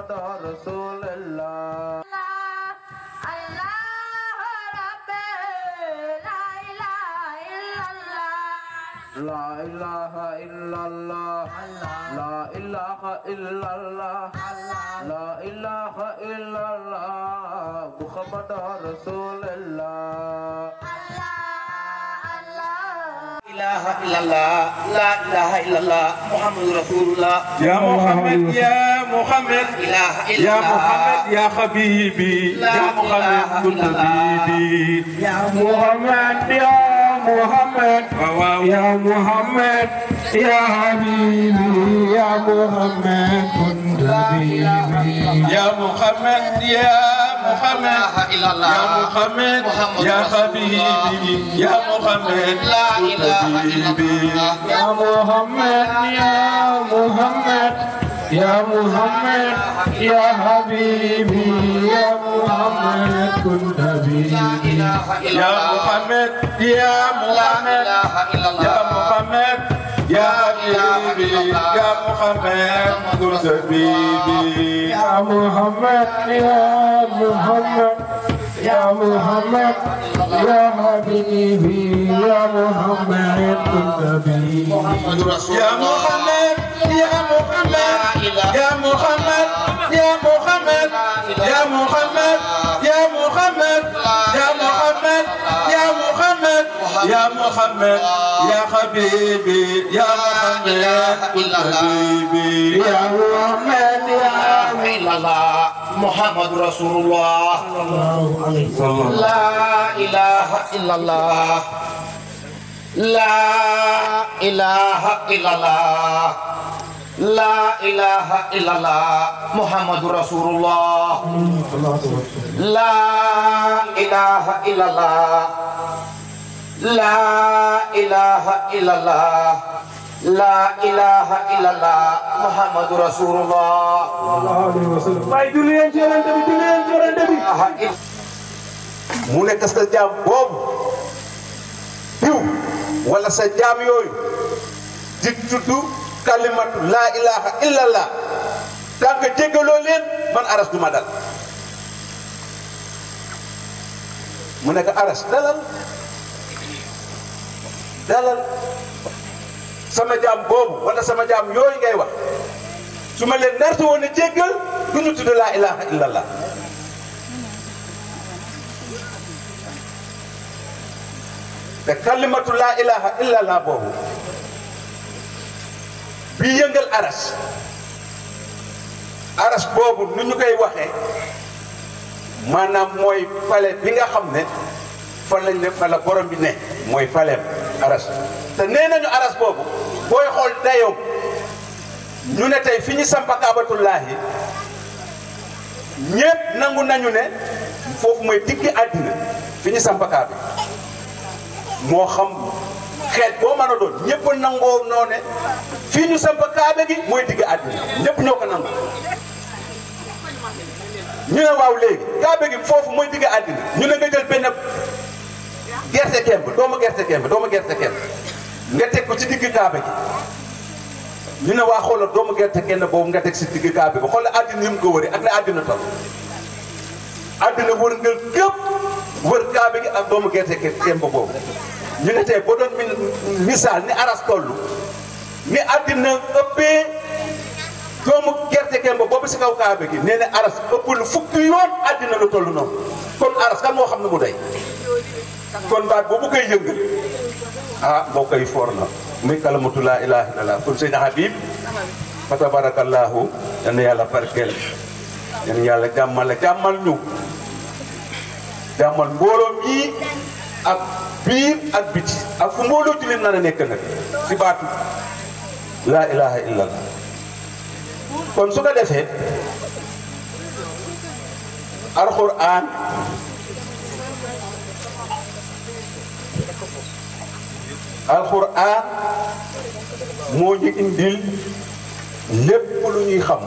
محمد رسول الله لا إله إلا الله لا إله إلا الله لا إله إلا الله محمد رسول الله إله إلا الله لا إله إلا الله محمد رسول الله يا محمد يا محمد يا محمد يا حبيبي يا محمد كن حبيبي يا محمد يا محمد يا محمد يا حبيبي يا محمد يا محمد يا محمد يا محمد يا محمد يا حبيبي يا محمد لا اله الا الله يا محمد يا محمد يا محمد يا حبيبي يا محمد كن نبي يا محمد يا محمد يا محمد يا حبيبي يا محمد كن نبي يا محمد يا محمد يا محمد يا حبيبي يا محمد كن نبي يا محمد يا محمد يا محمد يا محمد يا محمد يا محمد يا محمد يا محمد يا محمد يا حبيبي يا محمد يا حبيبي يا محمد يا الله محمد رسول الله لا اله الا الله لا اله الا الله لا إله إلا الله محمد رسول الله لا إله إلا الله لا إله إلا الله لا إله إلا الله محمد رسول الله باي جوليان جوليان دبي جوليان جوليان دبي mu nekk sa jaam boobu diw wala sa jaam yooyu di tudd kalimatu laa ilaha illallah tànk jéggaloo leen man aras du ma dal mu nekk aras dalal dalal sama jaam boobu wala sama jam yooy ngay wax su ma leen nartu woon a jéggal du ñu tudd laa ilaha illallah kalimatu laa ilaha boobu bi yëngal aras aras boobu nu ñu koy waxee maanaam mooy palais bi nga xam ne fa lañ ne fa borom bi ne mooy palais aras te nee nañu aras boobu booy xool dayoom ñu ne tey fi ñu samp kaabatullaahi ñépp nangu nañu ne foofu mooy digg àddina fi ñu samp kaaba moo xam xeet boo mën a doon ñëpp nangoo noo fii ñu samp kaaba gi mooy digg àddina ñëpp ñoo ko nangu ñu ne waaw léegi kaaba gi foofu mooy digg àddina ñu ne nga jël benn gerte kemb doomu gerte kemb doomu gerte kemb nga teg ko ci digg kaaba gi ñu ne waa xoolal doomu gerte kenn boobu nga teg si digg kaaba bi xoolal àddina yi mu ko wëree ak la àddina tam àddina wër nga képp wër kaaba gi ak doomu gerte kemb boobu ñu ne tey boo doon misaal ni aras toll ni àddina ëppee doomu gerte kemb boobu si kaw kaaba gi nee na aras ëpp lu fukki yoon àddina lu toll noonu kon aras kan moo xam ne mu doy kon baat boobu koy yëngal ah boo koy for na muy kalamatu laa ilaaha illallah kon sëñ Habib fa tabarakallahu yal yàlla barkeel yal yàlla jàmmal la jàmmal ñu jàmmal mbooloom yi ak biir ak biti ak fu mbooloo jullit na la nekk nag si baatu laa ilaha illallah kon su ko defee alxuraan alxuraan moo ñu indil lépp lu ñuy xam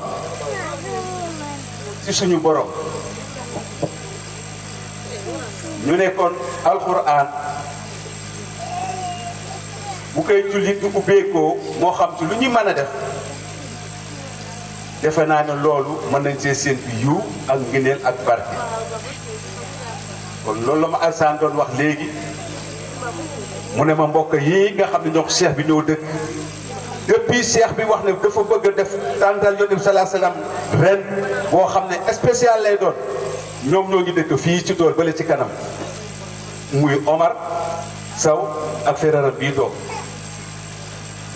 ci suñu borom ñu nekkoon kon alxuraan bu koy jullit du moo xam ci lu ñuy mën a def defe naa ne loolu mën nañ see séentu yiw ak ngëneel ak barke kon loolu la ma alsaan doon wax léegi mu ne ma mbokk yi nga xam ne ñoo cheikh bi ñoo dëkk depuis cheikh bi wax ne dafa bëgg a def tàndal yonent bi salaa salaam ren boo xam ne spécial lay doon ñoom ñoo ngi dëkk fii ci tool bale ci kanam muy Omar Saw ak Ferara bii doom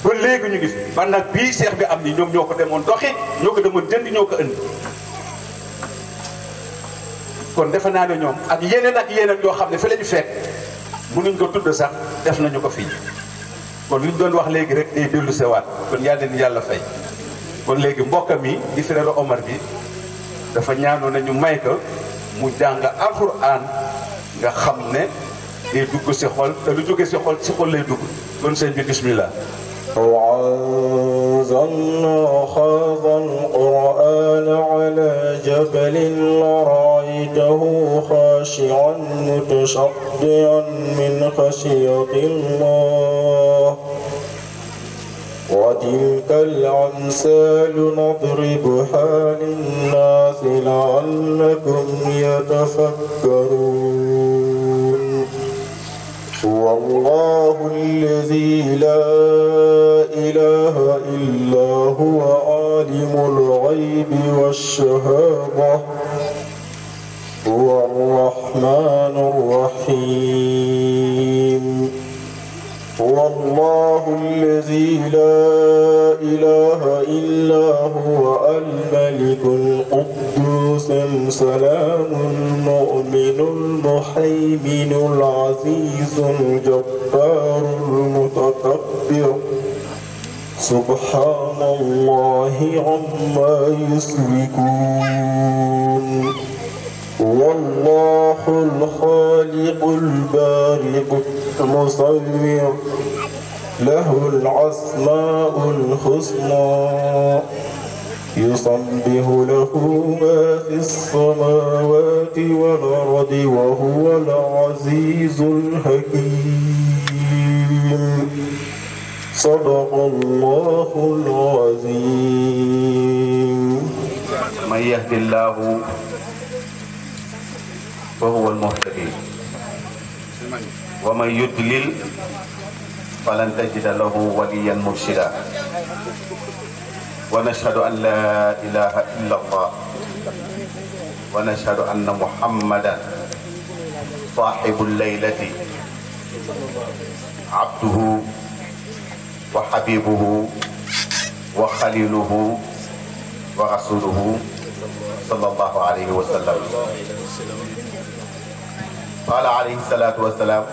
ba léegi ñu ngi fi man nag bii seex bi am ni ñoom ñoo ko demoon doxi ñoo ko demoon jënd ñoo ko ënd kon defe naa ne ñoom ak yeneen ak yeneen yoo xam ne fi la ñu fekk mënuñ ko tudd sax def nañu ko fii kon li doon wax léegi rek day dellu sewaat kon yàlla ni yàlla fay kon léegi mbokkam yi di frère Omar bi dafa ñaanoon nañu may ko mu jàng alxuraan nga xam ne day dugg si xol te lu jóge si xol si xol lay dugg kon sëñ bi bismillah وأنزلنا هذا القرآن على جبل لرأيته خاشعا متصدعا من خشية الله وتلك الأمثال نضربها للناس لعلكم يتفكرون هو الله الذي لا إله إلا هو عالم الغيب والشهادة هو الرحمن الرحيم هو الله الذي لا إله إلا هو الملك القدوس السلام المؤمن المحيمن العزيز الجبار المتكبر سبحان الله عما يشركون هو الله الخالق البارئ المصور له العصماء الحسنى يصبه له ما في السماوات والأرض وهو العزيز الحكيم صدق الله العظيم من يهد الله فهو المهتدي ومن يدلل فلن تجد له وليا مرشدا ونشهد أن لا إله إلا الله ونشهد أن محمدا صاحب الليلة عبده وحبيبه وخليله ورسوله صلى الله عليه وسلم قال عليه الصلاة والسلام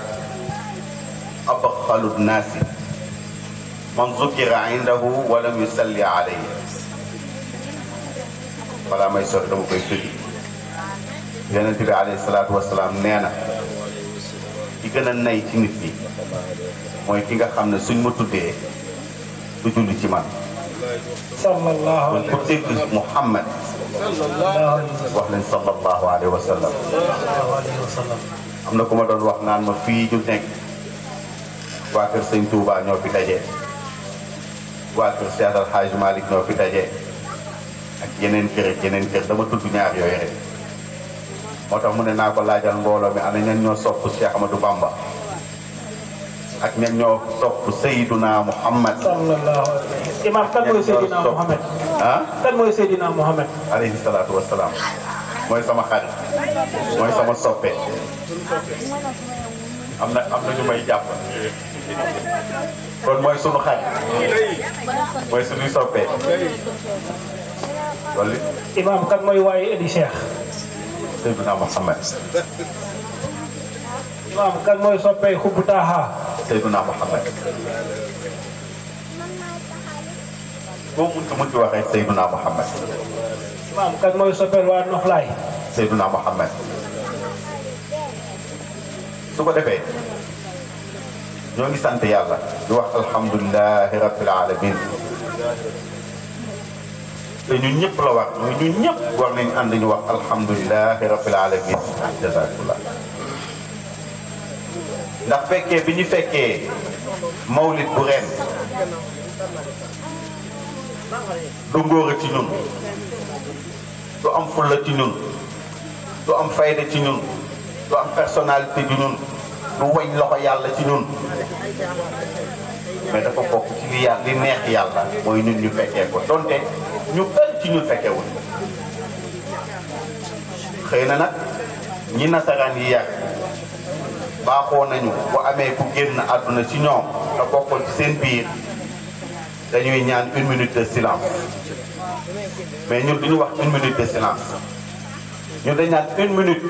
أبخل الناس من ذكر عنده ولم يصلي عليه فلا ما يسر دمك يسجد عليه الصلاة والسلام نانا يكن الناي تنفي وين كنا خمنا سن متوتي تجول تيمان صلى الله عليه وسلم محمد صلى الله عليه وسلم صلى الله عليه وسلم am na ku ma doon wax naan ma fii ñu nekk waa kër sëñ Touba ñoo daje waa kër Cheikh Al Hadj ñoo fi daje ak yeneen kër ak yeneen dama tudd ñaar yooyu rek moo tax mu ne naa ko laajal mbooloo mi ana ñan ñoo sopp Cheikh Amadou Bamba ak ñan ñoo sopp Seydina Muhammad sallallahu kan mooy Seydina Muhammad ah kan mooy Seydina mooy sama xarit mooy sama soppe am na am na may jàpp kon mooy sunu xarit mooy sunuy soppe wala. Imaam kan mooy waayu Edy Cheikh. Seydina Mohamed. Imaam kan mooy soppe Xubbu Taaha. Seydina Mohamed. boo mënti mënti waxee Seydina Mohamed. maam kan mooy soppeel waa noflaay Seyduna Muhammad su ko defee ñoo ngi sant yàlla di wax alhamdulilahi rabbil alamin te ñun ñëpp la wax mooy ñun ñëpp war nañ ànd ñu wax alhamdulilahi rabbil alamin jazakallah ndax fekkee bi ñu fekkee mawlid bu ren du ci ñun du am fulla ci ñun du am fayda ci ñun du am personnalité ci ñun du wañ loxo yàlla ci ñun mais dafa bokk ci li yàlla li neex yàlla mooy ñun ñu fekkee ko donte ñu bëri ci ñu fekkewul xëy na nag ñi nasaraan yi yàgg baaxoo nañu bu amee ku génn àdduna ci ñoom te bokkoon ci seen biir dañuy ñaan une minute silence mais ñun du ñu wax une minute de silence ñu dañ naan une minute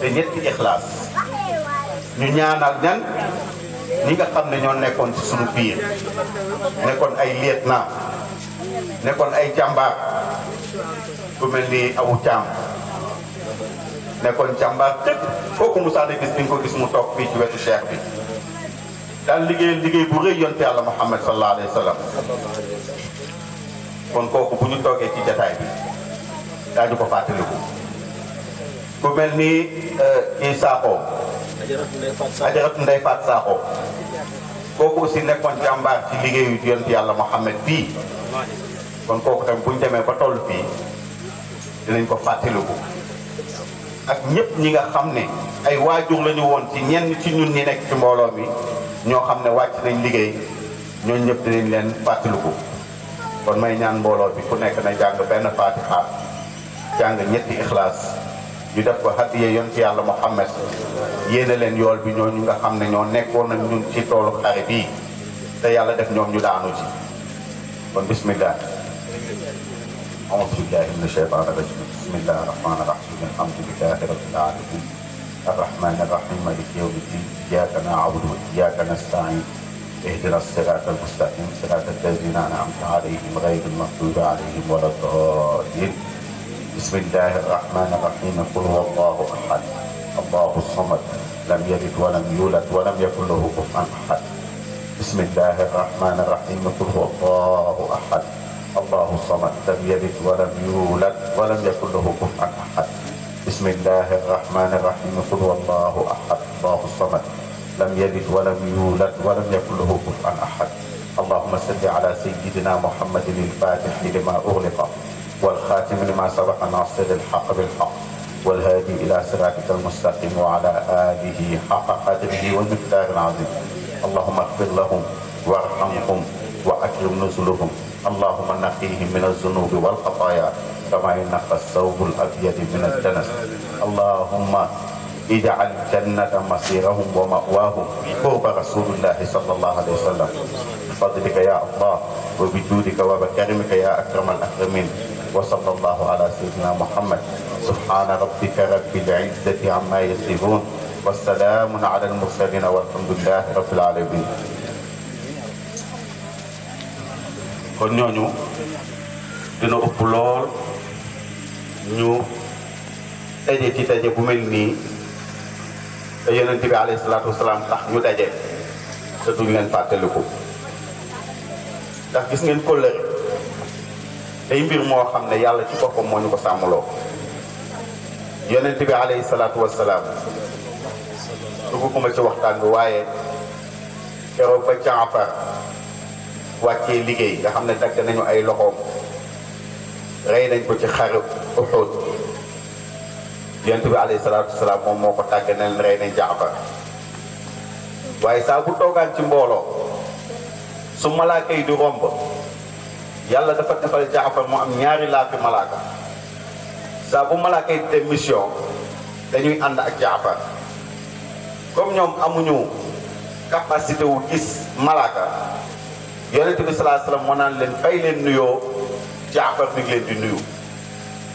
te ñetti ixlaas ñu ñaanal ñan ñi nga xam ne ñoo nekkoon ci suñu biir nekkoon ay lieutenant nekkoon ay jàmbaar ku mel ni awu caam nekkoon jàmbaar tëpp kooku musaane gis ni nga ko gis mu toog fii ci wetu cheikh bi daal liggéey liggéey bu rëy yonte yàlla muhammad sallallahu alayhi wa kon kooku bu ñu toogee ci jataay bi daañu ko fàttaliku ku mel ni kii euh, Sakho. ajaratu Ndeye Faat kooku aussi nekkoon jàmbaar ci liggéeyu yonent yàlla Muhammad fii kon kooku tamit bu ñu demee ba toll fii dinañ ko fàttaliku ak ñëpp ñi nga xam ne ay waajur lañu woon ci ñenn ci ñun ñi nekk ci mbooloo mi ñoo xam ne wàcc nañ liggéey ñooñ ñëpp dinañ leen fàttaliku. kon may ñaan mbooloo bi ku nekk na jàng benn faatiha jàng ñetti ixlaas ñu def ko hadiye yonent yàlla Muhammad yéene leen yool bi ñooñu nga xam ne ñoo nekkoon ak ñu ci toolu xare bii te yàlla def ñoom ñu daanu ci kon bismillah أعوذ بالله من الشيطان الرجيم بسم الله الرحمن الرحيم الحمد لله رب العالمين الرحمن الرحيم مالك يوم الدين إياك نعبد وإياك نستعين اهدنا الصراط المستقيم صراط الذين انعمت عليهم غير المغضوب عليهم ولا الضالين بسم الله الرحمن الرحيم قل هو الله احد الله الصمد لم يلد ولم يولد ولم يكن له كفوا احد بسم الله الرحمن الرحيم قل هو الله احد الله الصمد لم يلد ولم يولد ولم يكن له كفوا احد بسم الله الرحمن الرحيم قل هو الله احد الله الصمد لم يلد ولم يولد ولم يكن له كفوا أحد اللهم صل على سيدنا محمد الفاتح لما أغلق والخاتم لما سبق ناصر الحق بالحق والهادي إلى صراطك المستقيم وعلى آله حق قدره والمقدار العظيم اللهم اغفر لهم وارحمهم وأكرم نزلهم اللهم نقيهم من الذنوب والخطايا كما ينقى الثوب الأبيض من الدنس اللهم اجعل الجنة مصيرهم ومأواهم فوق رسول الله صلى الله عليه وسلم بفضلك يا الله وبجودك وبكرمك يا أكرم الأكرمين وصلى الله على سيدنا محمد سبحان ربك رب العزة عما يصفون والسلام على المرسلين والحمد لله رب العالمين kon ñooñu dina ëpp lool ñu ci bu mel nii te yonent bi alayhi salaatu wasalaam tax ñu daje te duñ leen fàttaliku ndax gis ngeen kóllëre day mbir moo xam ne yàlla ci boppam moo ñu ko sàmmloo yonent bi alayhi salaatu wasalaam dugguma ci waxtaan bi waaye keroog ba Jaafar wàccee liggéey nga xam ne dagg nañu ay loxoom rey nañ ko ci xare Uhud yonent bi alayhi salaatu wasalaam moom moo ko tàgge ne leen rey nañ waaye saa bu toogaan ci mbooloo su malaaka yi di romb yàlla dafa defal Jaafar mu am ñaari laafi malaaka saa bu malaaka yi te mission dañuy ànd ak Jaafar comme ñoom amuñu capacité wu gis malaaka yonent bi salaa salaam moo naan leen fay leen nuyoo Jaafar mi ngi di nuyu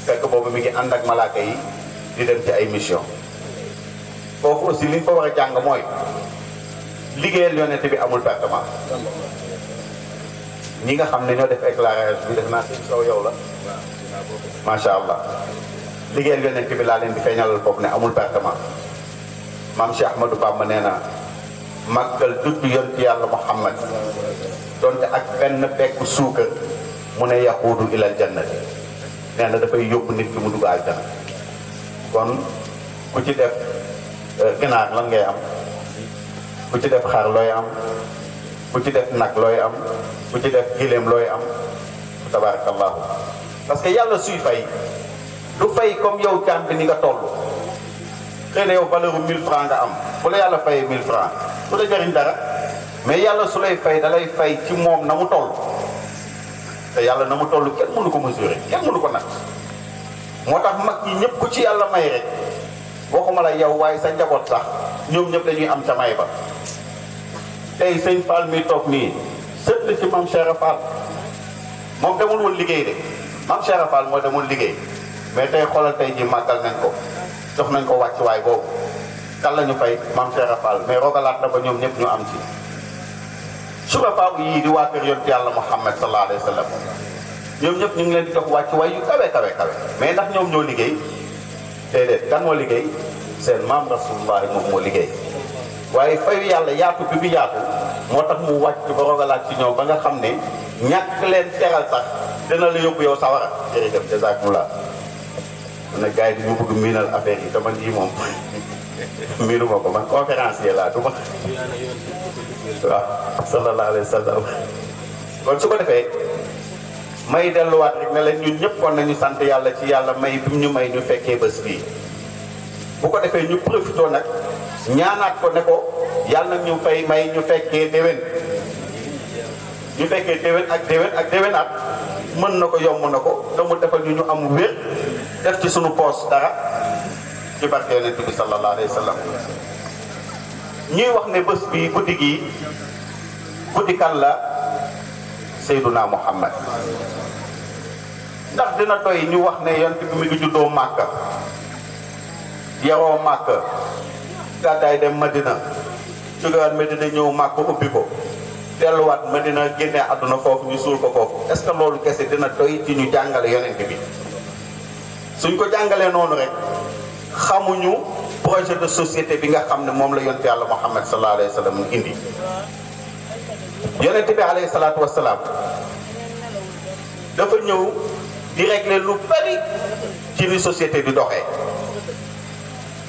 fekk boobu mi ngi ànd ak malaaka yi di dem ci ay mission kooku aussi li ko bi amul pertement ñi nga xam ñoo def éclairage bi def yow la allah liggéeyal yonent bi laa leen di feeñalal ne amul pertement maam Cheikh Ahmadou Bamba nee na màggal Muhammad donte ak benn bekku suukar mu ne yaquudu jannati nee na dafay yóbbu nit mu kon ku ci def euh, ginaar lan ngay am ku ci def xaar looy am ku ci def nag looy am ku ci def gileem looy am tabarakallahu parce que yàlla suy fay lu fay comme yow jaam bi ni nga toll xëy na yow valeur bu francs nga am bu la yàlla fayee 1000 francs du la jëriñ dara mais yàlla su lay fay da fay ci moom na mu toll te yàlla na mu toll kenn mënu ko mesurer kenn mënu ko natt moo tax mag yi ñëpp ko ci yàlla may rek waxuma la yow waaye sa njaboot sax ñoom ñëpp dañuy am ca may ba tey sëñ Fall mi toog nii sët ci maam Cheikh Fall moom demul woon liggéey de maam Cheikh Fall moo demul liggéey mais tey xoolal tey ji màggal nañ ko jox nañ ko wàccuwaay boobu kan la ñu fay maam Cheikh Fall mais rogalaat na ba ñoom ñëpp ñu am ci suba faaw yii di waa kër yonent yàlla Muhammad sallallahu alayhi wa sallam ñoom ñëpp ñu ngi leen di jox wàcc way yu kawe kawe kawe mais ndax ñoom ñoo liggéey déedéet kan moo liggéey seen maam rasulullahi moom moo liggéey waaye fayu yàlla yaatu bi mu yaatu moo tax mu wàcc ba rogalaat ci ñoom ba nga xam ne ñàkk leen teral sax dina la yóbbu yow sawara jërëjëf jazakumullah na gars yi dañu bëgg miinal affaire yi dama ji moom miinu ma ko man conférencier laa du ma waaw sallallahu alayhi wa sallam kon su ko defee may delluwaat rek na leen ñun ñëpp kon nañu sant yàlla ci yàlla may bi ñu may ñu fekkee bés bii bu ko defee ñu profitoo nag ñaanaat ko ne ko yàlla ñu fay may ñu fekkee déwén ñu fekkee déwén ak déwén ak déwénaat mën na ko yomb na ko te mu defal ñu ñu am wér def ci sunu poos dara ci barke yonent bi sallallahu alayhi ñuy wax ne bés bi guddi gi guddi kan la Seyduna Muhammad ndax dina doy ñu wax ne yonent bi mu ngi juddoo Màkka yaroo Màkka gàddaay dem Madina jógewaat Madina ñëw Màkka ubbi ko delluwaat Madina génne àdduna foofu ñu suul ko foofu est-ce que loolu kese dina doy ci ñu jàngale yonent bi suñ ko jàngalee noonu rek xamuñu projet de société bi nga xam ne moom la yonent yàlla Muhammad sallallahu alayhi wa sallam indi yonent bi alayhi salaatu wasalaam dafa ñëw di régler lu bari ci ni société di doxee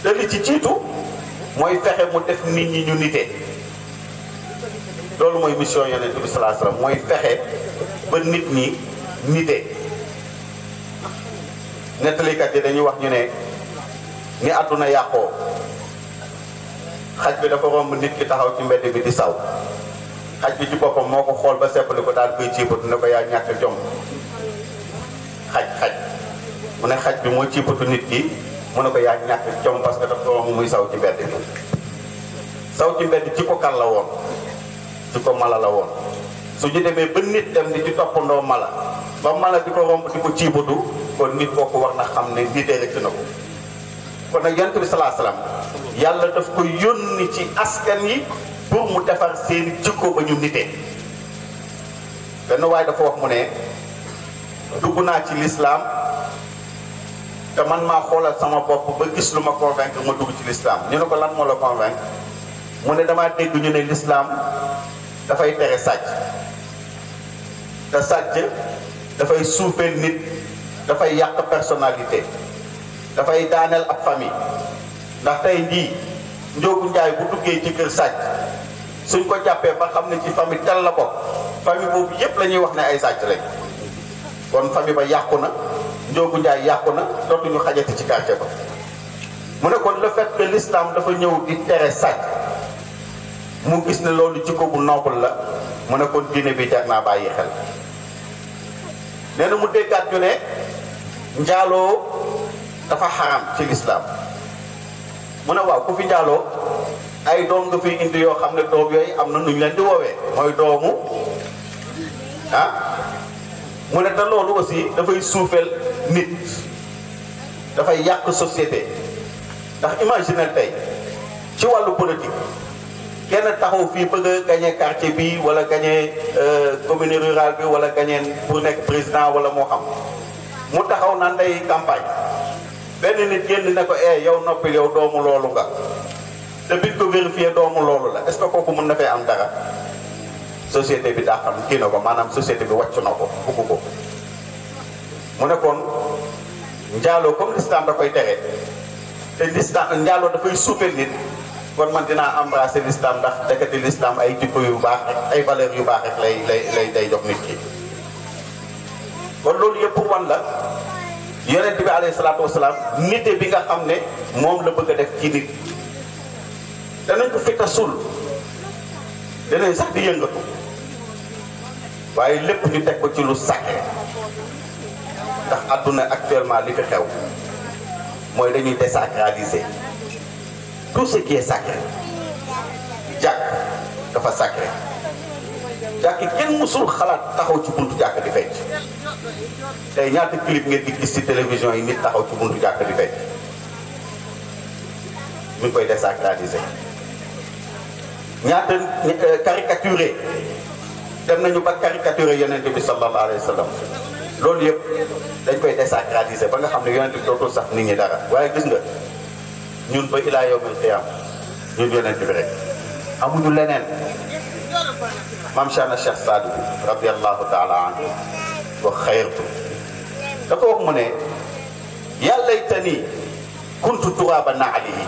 te li ci jiitu mooy fexe mu def nit ñi ñu nite loolu mooy mission yonent bi salaa salaam mooy fexe ba nit ñi nite nettalikat yi dañuy wax ñu ne ni àdduna yàqoo xaj bi dafa romb nit ki taxaw ci mbedd bi di saw xaj bi ci boppam moo ko xool ba seppali ko daal koy ciipatu ne ko yaa ñàkk mu ne xaj bi moo ciipatu nit ki mu ne ko yaa ñàkk jom parce que daf ko muy saw ci mbedd bi saw ci mbedd ci ko kan la woon ci ko mala la woon su ñu demee ba nit dem di ci toppandoo mala ba mala di ko romb di ko ciibatu kon nit kooku war na xam ne nit rek na ko kon nag yonent bi salaa yàlla daf ko yónni ci asken yi pour mu defar seen jikko ba ñu nitee benn waaye dafa wax mu ne dugg naa ci lislaam te man maa xoolal sama bopp ba gis lu ma convaincre ma dugg ci lislaam ñu ne ko lan moo la convaincre mu ne damaa dégg ñu ne lislaam dafay tere sàcc te sàcc dafay suufeel nit dafay yàq personnalité dafay daaneel ab famille ndax tey ndii njoogu njaay bu duggee ci sàcc suñ ko jàppee ba xam ne ci famille tel la bokk famille boobu yépp lañuy ñuy wax ne ay sàcc lañ kon famille ba yàqu na Njóogu Njaay yàqu na dootuñu xajati ci quartier ba mu ne kon le fait que l'islam dafa ñëw di tere sàcc mu gis ne loolu jikko bu noble la mu ne kon diine bi jar naa bàyyi xel nee na mu déggaat ñu ne njaaloo dafa xaram ci lislaam mu ne waaw ku fi njaaloo ay doom nga indi yoo xam ne doom yooyu am na nu ñu leen di woowee mooy doomu ah mu ne te loolu aussi dafay suufeel nit dafay yàq société ndax imaginel tey ci wàllu politique kenn taxaw fii bëgg a gagné quartier bi wala gagné euh, commune rurale bi wala gagné pour nekk président wala moo xam mu taxaw naan day campagne benn nit génn ne ko eh yow noppil yow doomu loolu nga. te biñ ko vérifié doomu loolu la est-ce que kooku mën na fee am dara société bi daa kii na ko maanaam société bi wàcc na ko bugg ko mu ne kon njaaloo comme l'islam da koy tere te l'islam njaaloo dafay suufee nit kon man dinaa embrasser l'islam ndax dekati l'islam ay jikko yu baax ay valeurs yu baax rek lay lay lay jox nit ki kon loolu yëpp pour wan la yonent bi alayhi salaatu wasalaam nite bi nga xam ne moom la bëgg a def ci nit danañ ko fekk a suul danañ sax di yëngatu waaye lépp ñu teg ko ci lu sàkke ndax àdduna actuellement li fi xew mooy dañuy désacraliser tout ce qui est sacré jàkk dafa sacré jàkk kenn mësul xalaat taxaw ci buntu jàkk di fecc tey ñaata clip ngeen di gis ci télévision yi nit taxaw ci buntu jàkk di fecc ñu koy désacraliser ñaata euh, caricaturé dem nañu ba caricaturé yonent bi sallallahu alayhi wa sallam loolu yëpp dañ koy désacraliser ba nga xam ne yonent bi dootul sax nit dara waaye gis nga ñun ba ilaa yawmil qiyaam ñun yonent bi rek amuñu leneen maam Chana Cheikh Saadu bi radiallahu taala anhu wax xayrtu dafa wax mu ne yàllay tani kuntu turaaba naali yi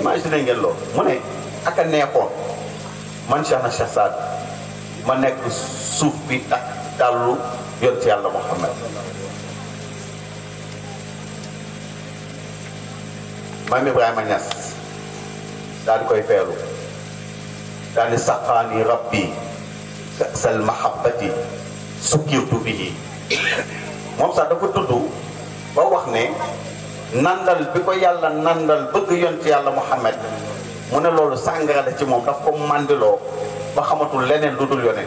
imagine ngeen lool mu ne aka neexoon man cheikh na cheikh saad ma nekk suuf bi tak dàllu yont yàlla muhammad maam ibrahima ñas daal di koy feelu daal di saqaani rabbi sal mahabbati sukkirtu bihi moom sax dafa tudd ba wax ne nandal bi ko yàlla nandal bëgg yont yàlla mu Muhammad mu ne loolu sàngara la ci moom daf ko màndiloo ba xamatul leneen lu dul yonent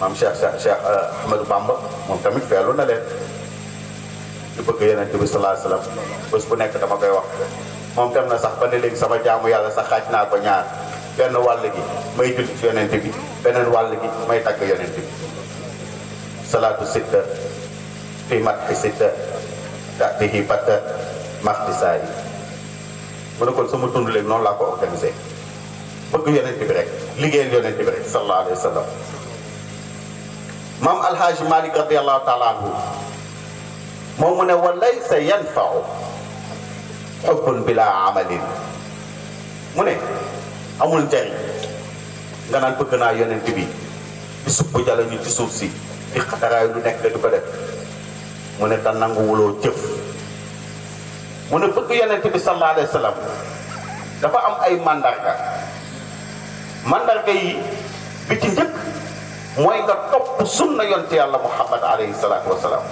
maam Cheikh Cheikh euh, Ahmadou Bamba moom tamit feelu na leen di bëgg yonent bi sallallahu alayhi nekk dama koy wax moom dem na sax ba ne sama jaamu yàlla sax xaaj naa ko ñaar wàll gi may julli wàll gi may tagg fi mat sitta ta'tihi batta maxti mu ne kon sama tund léegi noonu laa ko organisé bëgg yonent bi rek liggéeyal yonent bi rek sallallahu alayhi wa sallam maam alhaaji malik radiallahu taala anhu moom mu ne wa laysa yanfau bila amalin mu ne amul njariñ nga naan bëgg naa yonent di sukk jala ñu ci suuf si xataraayu lu nekk da di ko mu ne te nanguwuloo jëf mu ne bëgg yonent bi sallallahu alayhi wa dafa am ay mandarga mandarga yi bi ci njëkk mooy nga topp sunna yonent yàlla muhammad alayhi salaatu wasalaam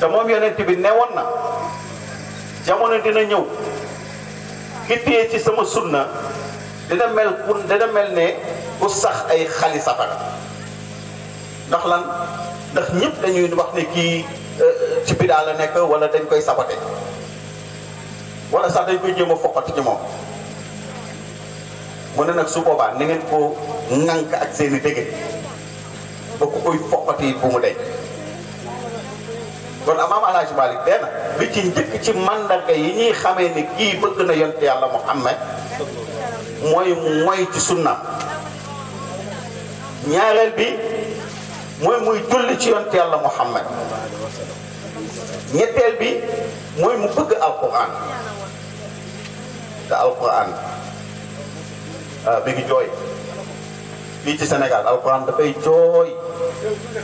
te moom yonent bi newoon na jamono dina ñëw ki téye ci sama sunna dina mel kun dina mel ne ku sax ay xali safara ndax lan ndax ñëpp dañuy wax ne kii euh, euh, ci bidaa la nekk wala dañ koy sabote wala sax dañ koy jéem a foqati ci moom mu ne nag su boobaa ni ngeen ko ak seen i dégg koy foqati bu mu dee kon amaam alaaji Malick benn bi ci njëkk ci mandarga yi ñuy xamee ni kii bëgg na yont yàlla Muhammad mooy mooy ci sunna ñaareel bi mooy muy julli ci yonent yàlla Muhammad ñetteel bi mooy mu bëgg alquran te alquran bi ah, ngi jooy fii ci Sénégal alquran dafay jooy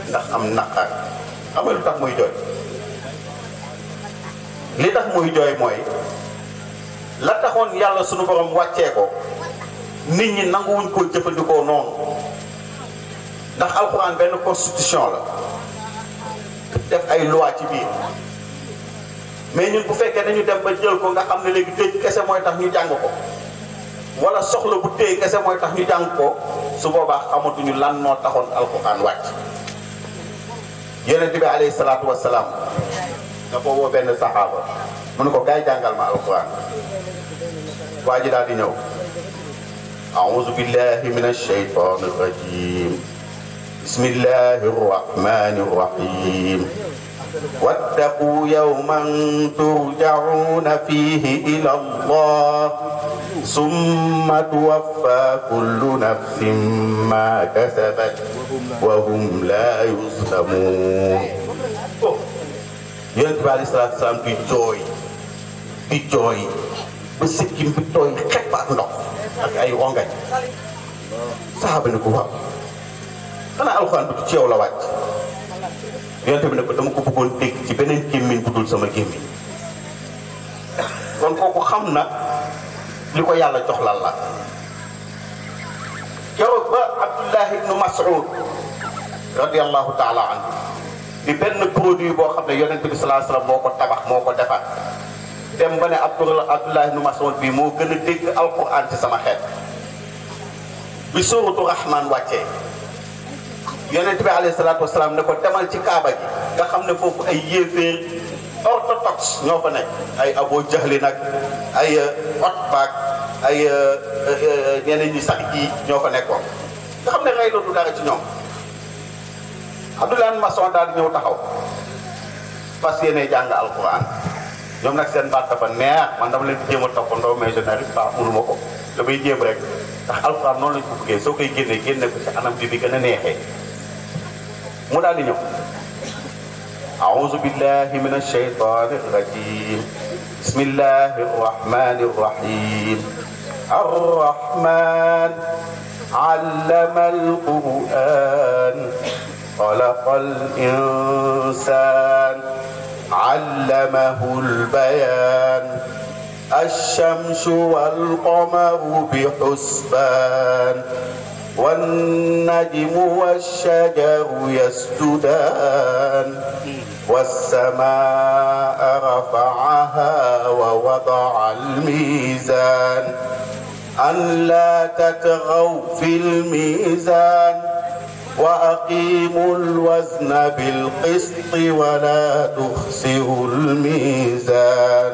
ndax am naqar xam lu tax muy jooy li tax muy jooy mooy la taxoon yàlla sunu borom wàccee ko nit ñi nanguwuñ ko jëfandikoo noonu ndax alxuraan benn constitution la def ay loi ci biir mais ñun bu fekkee dañu dem ba jël ko nga xam ne léegi tëj kese mooy tax ñu jàng ko wala soxla bu téye kese mooy tax ñu jàng ko su boobaa xamatuñu lan moo taxoon alxuraan wàcc yonent bi alayhi salaatu wasalaam da ko benn saxaaba mu ne ko gaay jàngal ma alxuraan waa ji daal di ñëw a'uuzu billahi minash shaytaanir rajiim بسم الله الرحمن الرحيم واتقوا يوما ترجعون فيه إلى الله ثم توفى كل نفس ما كسبت وهم لا يظلمون yonent bi alayhi salaatu salaam di jooy di jooy ba sikkim bi tooy xepp ak ndox ak ay rongañ saxaaba ni ko waaw xanaa alxuraan bi ci yow la wàcc yonte bi ne ko dama ko bëggoon ci beneen gémmiñ bu dul sama gémmiñ kon kooku xam na li ko yàlla jox lan la keroog ba abdullah ibnu mas'ud radiallahu taala di benn produit boo xam ne yonent ya bi salaa salaam moo ko tabax moo ko defar dem ba ne abdullah abdullah ibnu mas'ud bi moo gën a dégg alquran ci sama xeet bi suratu rahman wàccee yonent bi alayhi salaatu wasalaam ne ko demal ci kaaba gi nga xam ne foofu ay yéeféer orthodoxe ñoo ko nekk ay abo jaxli nag ay otbaak euh, ay euh, euh, ñeneen ñi sax ji ñoo ko nekkoon nga xam ne rey loolu du dara ci ñoom Abdullah ibn Mas'ud daal ñëw taxaw fas yéene jàng alquran ñoom nag seen baat dafa neex man dama leen jéem a toppandoo mais je n'arrive pas mënuma ko damay jéem rek ndax alquran noonu lañ ko soo koy génnee génne ko ci anam bi bi gën a neexee mu أعوذ بالله من الشيطان الرجيم بسم الله الرحمن الرحيم الرحمن علم القرآن خلق الإنسان علمه البيان الشمس والقمر بحسبان والنجم والشجر يسجدان والسماء رفعها ووضع الميزان ألا تتغوا في الميزان وأقيموا الوزن بالقسط ولا تخسروا الميزان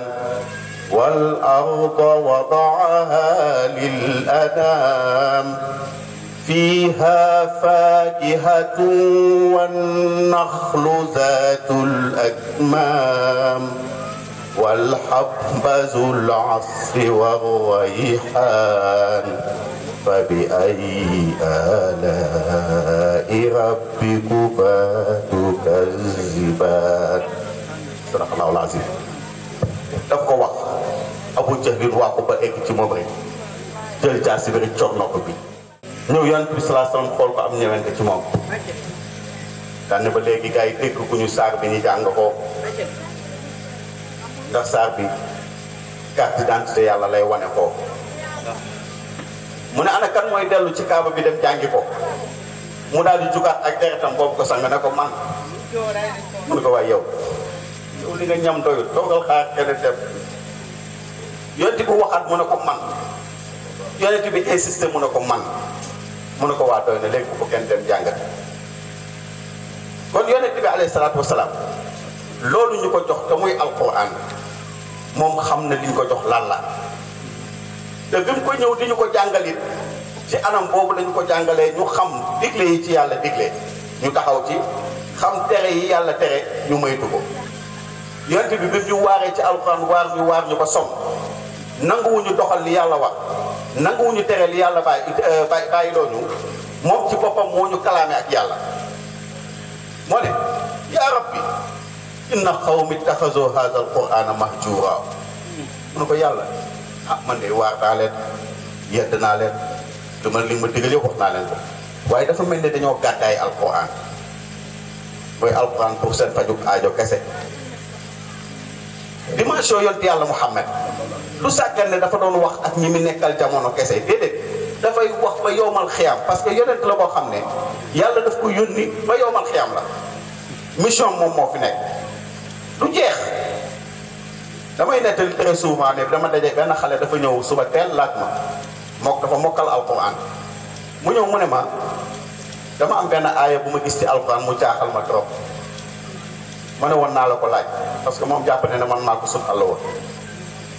والأرض وضعها للأنام فيها فاكهة والنخل ذات الأكمام والحب ذو العصر والريحان فبأي آلاء ربكما تكذبان صدق الله العظيم daf ko أبو Abu Jahlin waa ko ba egg ci moom rek jël ñëw yonent bi salaa salaam xool ko am ñëwante ci moom daan ba léegi gars dégg ku ñu saar bi ñu jàng ko ndax saar bi carte d'identité yàlla lay wane ko mu ne ana mooy dellu ci kaaba bi dem jàngi ko mu daal di jugaat ak deretam boobu ko sang ne ko man mu ne ko waaye yow yow li nga ñam doyul toogal xaar keneen dem yonent bi waxaat mu ne ko man yonent bi insisté mu ne ko man mu ne ko waa doy na léegi bu ko kenn dem jàngat kon yonent bi alayhi salaatu wasalaam loolu ñu ko jox te muy alquran moom xam na li ñu ko jox lan la te bi mu ko ñëw di ñu ko jàngalit ci anam boobu lañu ko jàngalee ñu xam digle yi ci yàlla digle ñu taxaw ci xam tere yi yàlla tere ñu moytu ko yonent bi bi ñu waaree ci alquran waar ñu waar ñu ko som nanguwuñu doxal li yàlla wax nangu ñu téréel yàlla fay eh, fay fay doonu moom ci boppam moo ñu kalaamee ak yàlla moo de yaa rabbi inna xawm ittaxazu hada alquran mahjura mu ne ko yàlla ah man de waar daa leen yedd naa leen du ma li ma digal yow wax naa leen ko dafa mel ne dañoo alquran mooy alquran pour seen fajuk aajo kese dimension yonent yàlla Muhammad lu sàggan ne dafa doon wax ak ñi mu nekkal jamono kese déedéet dafay wax ba yowmal xiyam parce que yonent la ko xam ne yàlla daf ko yónni ba yowmal xiyam la mission moom moo fi nekk du jeex damay nettali très souvent dama daje benn xale dafa ñëw suba teel laaj ma mook dafa mokkal alquran mu ñëw mu ne ma dama am benn aaya bu ma gis ci alquran mu jaaxal ma trop ma ne woon naa la ko laaj parce que moom jàpp ne man maa ko sut àll woon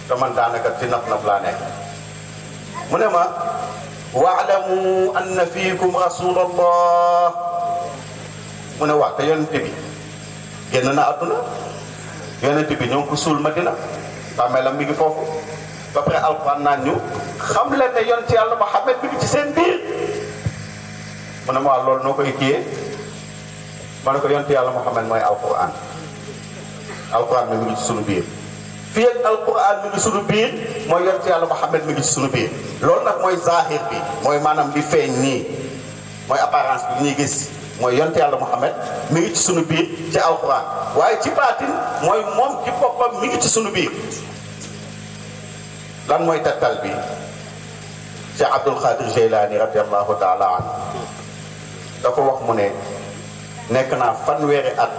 te man daanaka ci naf naf laa nekk mu ne ma waa te na bi ñoo ngi ko suul ci seen biir mu ne noo koy kiyee ma ne ko yonent yàlla Muhammad mooy alquran mi ngi ci sunu biir fii ak alquran mi ngi sunu biir mooy yonent yàlla Muhammad mi ngi ci sunu biir lool nag mooy zahir bi mooy maanaam bi feeñ nii mooy apparence bi ñuy gis mooy yonent yàlla Muhammad mi ngi ci sunu biir ci alquran waaye ci mooy moom ci boppam mi ngi ci sunu biir lan mooy tegtal bi Cheikh Abdul Qadir Jeylaani radiyallahu taala anhu dafa wax mu ne nekk naa fanweeri at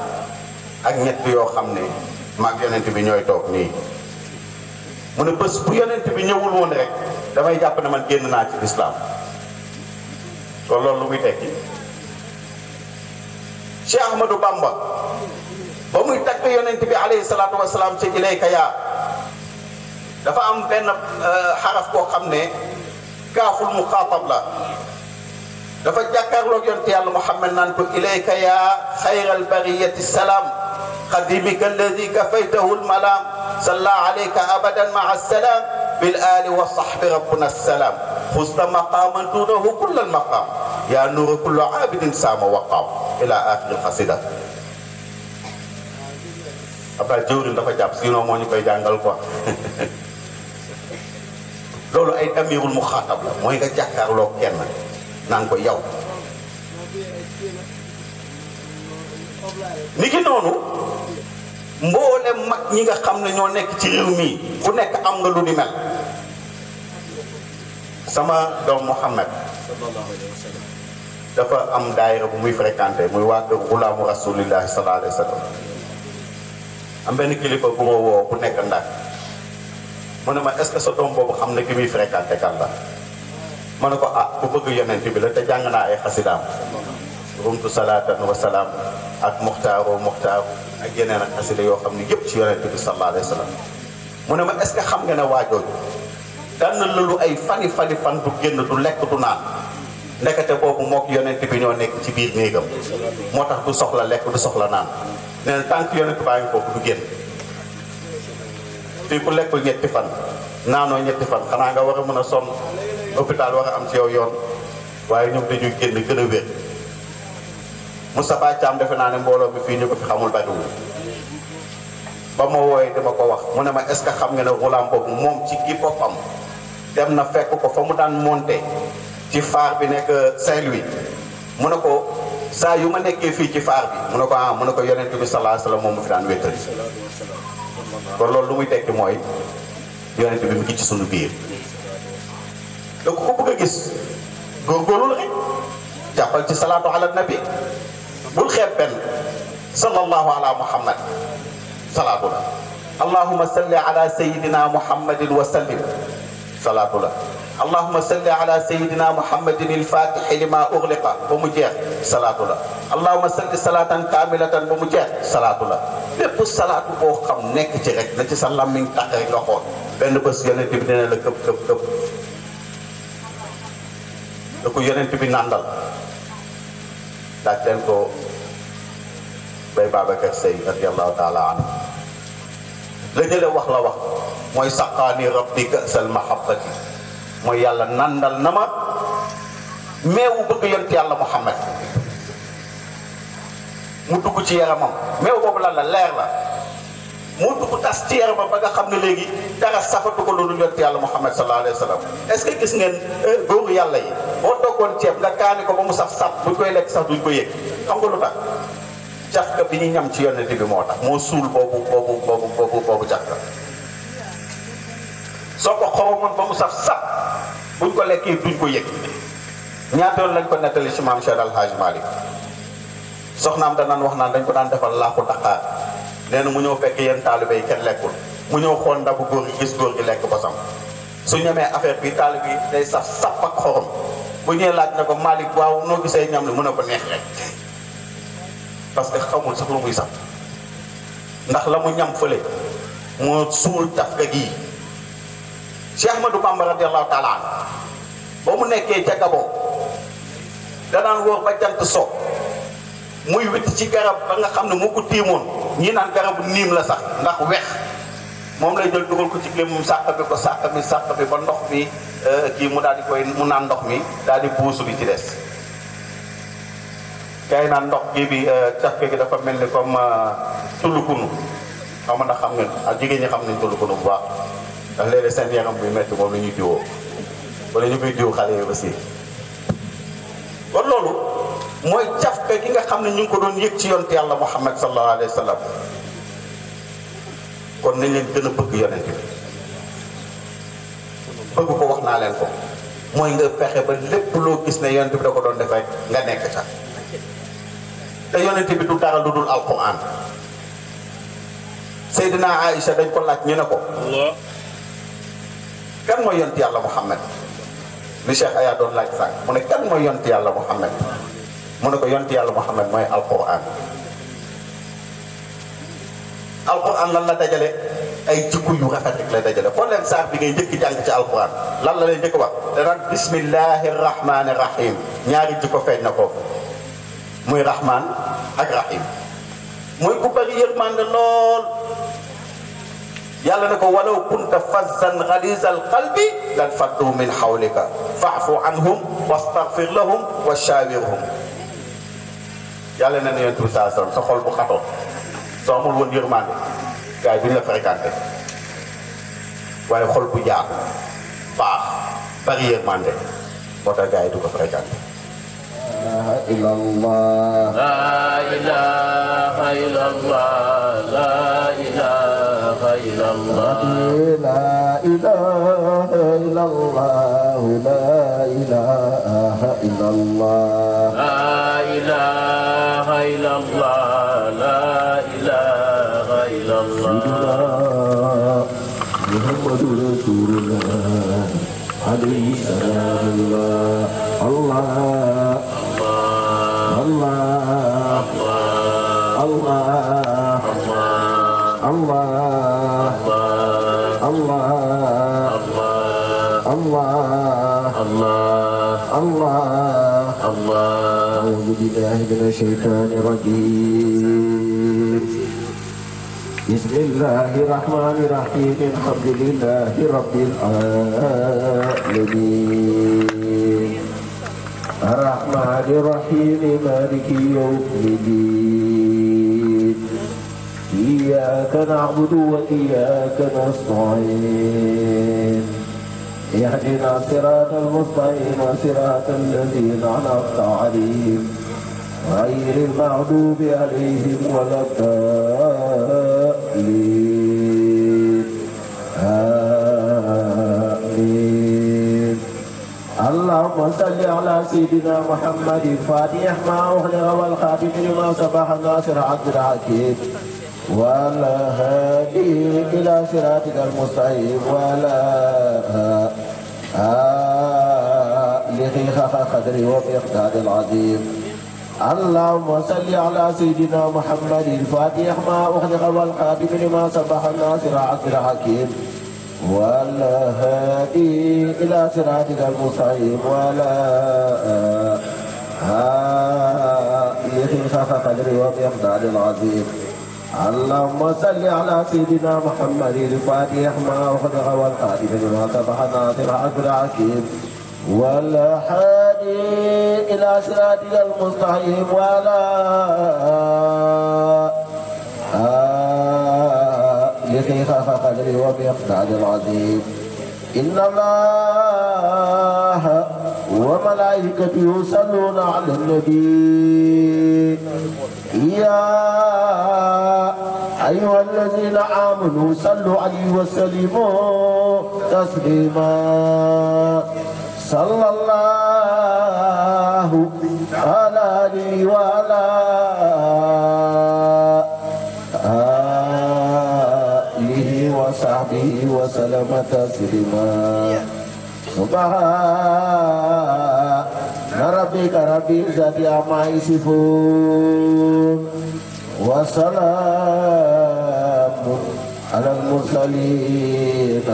ak ñett yoo xam ne maag yonent bi ñooy toog nii mu ne bés bu yonent bi ñëwul woon rek damay jàpp ne man génn naa ci lislaam kon loolu lu muy tekki Cheikh Ahmadou Bamba ba muy takk yonent bi alayhi salaatu wasalaam ci ilayka yaa dafa am benn euh, xaraf koo xam ne kaaful mu xaatab la دفا جاكار لو جنتي الله محمد نانكو إليك يا خير البرية السلام قديمك الذي كفيته الملام صلى عليك أبدا مع السلام بالآل والصحب ربنا السلام خذت مقاما دونه كل المقام يا نور كل عابد سام وقام إلى آخر القصيدة أبا جوري دفا جاب سينو موني كي جانغل كوا لولو أي أمير المخاطب لا موني كي جاكار لو كينا naan ko yow ni ki noonu mboole mag ñi nga xam ne ñoo nekk ci réew mii ku nekk am nga lu di mel sama doom Muhammad dafa am daayira bu muy fréquenté muy waa kër Gulaamu Rasulillahi sallallahu alayhi am benn kilifa bu ma woo bu nekk ndax mu ne ma est-ce que sa doom boobu xam ne ki muy fréquenté kan la ma ne ko ah ku bëgg yonent bi la te jàng naa ay xasidaam rumtu salaatan wa salaam ak muxtaaro muxtaaro ak yeneen ak xasida yoo xam ne yëpp ci yonent bi sallallahu alayhi mu ne ma est ce xam nga ne waajooju daan na lalu ay fani fani fan du génn du lekk du naan ndekete boobu mook yonent bi ñoo nekk ci biir néegam moo tax du soxla lekk du soxla naan nee na tànk yonent baa ngi foofu du génn fii ku lekkul ñetti fan naanoo ñetti fan xanaa nga war a mën a sonn hôpital war am ci yow yoon waaye ñoom dañuy génn gën a wér Moustapha Thiam defe naa ne mbooloo mi fii ñu ko fi xamul bariwul ba ma wooyee dama ko wax mu ne ma est-ce que xam nga ne roulant boobu moom ci kii am dem na fekk ko fa mu daan monter ci faar bi nekk Saint-Louis mu ne ko saa yu ma nekkee fii ci faar bi mu ne ko ah mu ne ko yonent bi sallallahu alayhi wasallam moom mu fi daan wéttali kon loolu lu muy tekki mooy yonent bi mu ngi ci sunu biir da ko ko bëgg a gis góorgóorlu la jàppal ci salaatu ala nabi bul xeeb benn sallallahu ala muhammad salaatu la allahuma salli ala sayidina muhammadin wa sallim salaatu la allahuma salli ala sayidina muhammadin ilfatixi lima uxliqa ba mu jeex salaatu la allahuma salli salaatan kaamilatan ba mu jeex salaatu la lépp salaatu boo xam nekk ci rek na ci sa lammiñ tax rek nga xool benn bés yonent bi dina la këpp këpp këpp da ko yonent bi nàndal laaj leen ko bay Babacar Seye radiallahu taala anhu la jële wax la wax mooy saqaani rabbi kasal mahabbati mooy yàlla nàndal na ma meewu bëgg yonent yàlla Muhammad mu dugg ci yaramam meew leer la moo dugg tas ci yaramam ba nga xam ne léegi dara safatu ko loolu yonent yàlla Muhammad sallallahu alayhi wa sallam est-ce gis ngeen euh, góoru yàlla yi boo toggoon ceeb nga kaani ko ba mu saf saf buñ koy lekk sax duñ ko yëg xam nga lu tax cafka bi ñu ñam ci yoon bi moo tax suul boobu boobu boobu boobu boobu cafka soo ko xoromoon buñ ko lekkee duñ ko yëg ñaatoon lañ ko nettali ci maam Cheikh Al Hadj Malick soxnaam danaan wax naan dañ ko daan defal laaxu daqaar nee na mu ñëw fekk yenn taalibe yi kenn lekkul mu ñëw xool ndabu góor gi gis góor gi lekk bosam su ñemee affaire bi taalibe yi day saf saf ak xorom bu ñee laaj na ko Malick waaw noo gisee ñam li mën a ko neex rek parce que xamul sax lu muy sax ndax la mu ñam fële moo suul taf ka gii Cheikh Ahmadou Bamba radiallahu taala an ba mu nekkee ca Gabon danaan wóor ba jant so muy witt ci garab ba nga xam ne moo ko tiimoon ñi naan garabu niim la sax ndax wex moom lay jël dugal ko ci gém sàq bi ko sàq bi sàq bi ba ndox bi euh, kii mu daal di koy mu naan ndox mi daal di buusu bi ci des kay naan ndox gi bi euh, cafke gi dafa mel ni comme euh, tullukunu xaw ma na xam ngeen ak jigéen ñi xam nañ tullukunu bu baax ndax léeg-léeg seen buy bi métti moom la ñuy diwoo wala ñu koy diw xale yi aussi kon loolu mooy cafke gi nga xam ne ñu ngi ko doon yëg ci yoon yonte yàlla Muhammad sallallahu alayhi wa sallam kon nañ leen gën a bëgg yonent bi bëgg ko wax naa leen ko mooy nga fexe ba lépp loo gis ne yonent bi da ko doon def nga nekk ca te yonent bi du dara lu dul alquran Seydina Aïcha dañ ko laaj ñu ne ko kan mooy yonent yàlla Muhammad li Cheikh Aya doon laaj sànq mu ne kan mooy yonent yàlla Muhammad mu ne ko yonent yàlla Muhammad mooy alquran alquran lan la dajale ay jikko yu rafet rek la dajale xool leen saar bi ngay njëkk jàng ci alquran lan la lay njëkk wax danaan bismillahi rahmani rahim ñaari jikko feeñ na ko muy rahman ak rahim mooy ku bëri yërmande lool yàlla ne ko walaw kunta fazzan xaliizal qalbi lan faddu min xawlika faafu anhum wastaghfir lahum wa shaawirhum na ne yonent sa xol bu xatoon soo amul woon yërmande gars duñ la fréquenté waaye xol bu jaar baax bari yërmande moo tax du ko fréquenté la ilaha illallah la ilaha illallah la ilaha illallah la ilaha illallah la ilaha illallah إلا الله محمد رسول الله عليه سلام الله الله الله الله الله الله الله الله الله الله الله أعوذ بالله من الشيطان الرجيم بسم الله الرحمن الرحيم الحمد لله رب العالمين الرحمن الرحيم مالك يوم الدين إياك نعبد وإياك نستعين اهدنا صراط المستقيم صراط الذين أنعمت عليهم غير المغضوب عليهم ولا الضالين آمين آمين اللهم صل على سيدنا محمد فاتح ما أغلق والخاتم لما صباح الناصر عبد العزيز ولا هادي إلى صراطك المستقيم ولا آله قدري وبإقدار العظيم اللهم صل على سيدنا محمد الفاتح ما أغلق والخاتم لما سبح الناصر عبد الحكيم ولا هادي إلى صراطك المستقيم ولا هادي خاف قدري وبإقدار العظيم اللهم صل على سيدنا محمد الفاتح ما أغلق والخاتم لما سبح الناصر عبد الحكيم والحادي إلى صراطك المستقيم ولا لكي خاف قدري وبإقدار العظيم إن الله وملائكته يصلون على النبي يا أيها الذين آمنوا صلوا عليه وسلموا تسليما صلى الله على لي وعلى آله وصحبه وسلم تسليما سبحان ربك رب العزة عما يصفون وسلام على المرسلين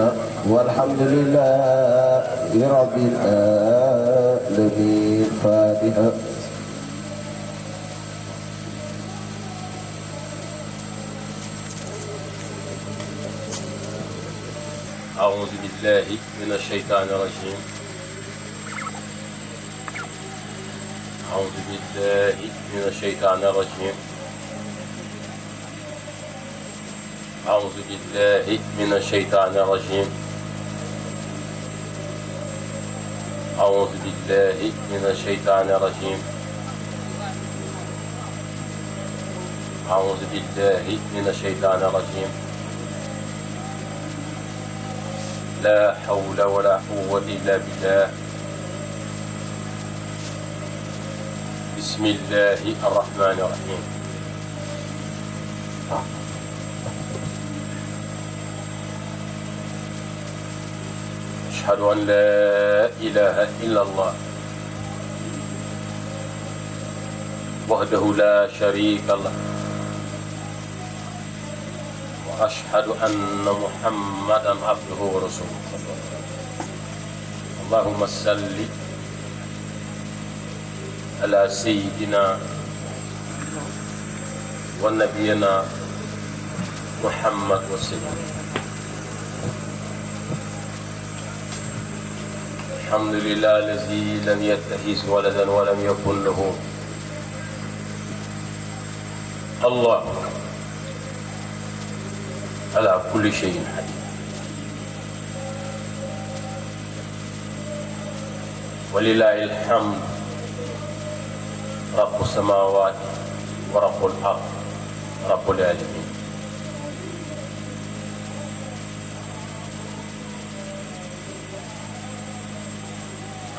والحمد لله رب العالمين فاتحة أعوذ بالله من الشيطان الرجيم أعوذ بالله من الشيطان الرجيم أعوذ بالله من الشيطان الرجيم أعوذ بالله من الشيطان الرجيم أعوذ بالله من الشيطان الرجيم لا حول ولا قوة إلا بالله بسم الله الرحمن الرحيم أشهد ان لا اله الا الله وحده لا شريك له واشهد ان محمدا عبده ورسوله اللهم صل على سيدنا ونبينا محمد وسلم الحمد لله الذي لم يتخذ ولدا ولم يكن له الله على كل شيء حديث ولله الحمد رب السماوات ورب الارض رب العالمين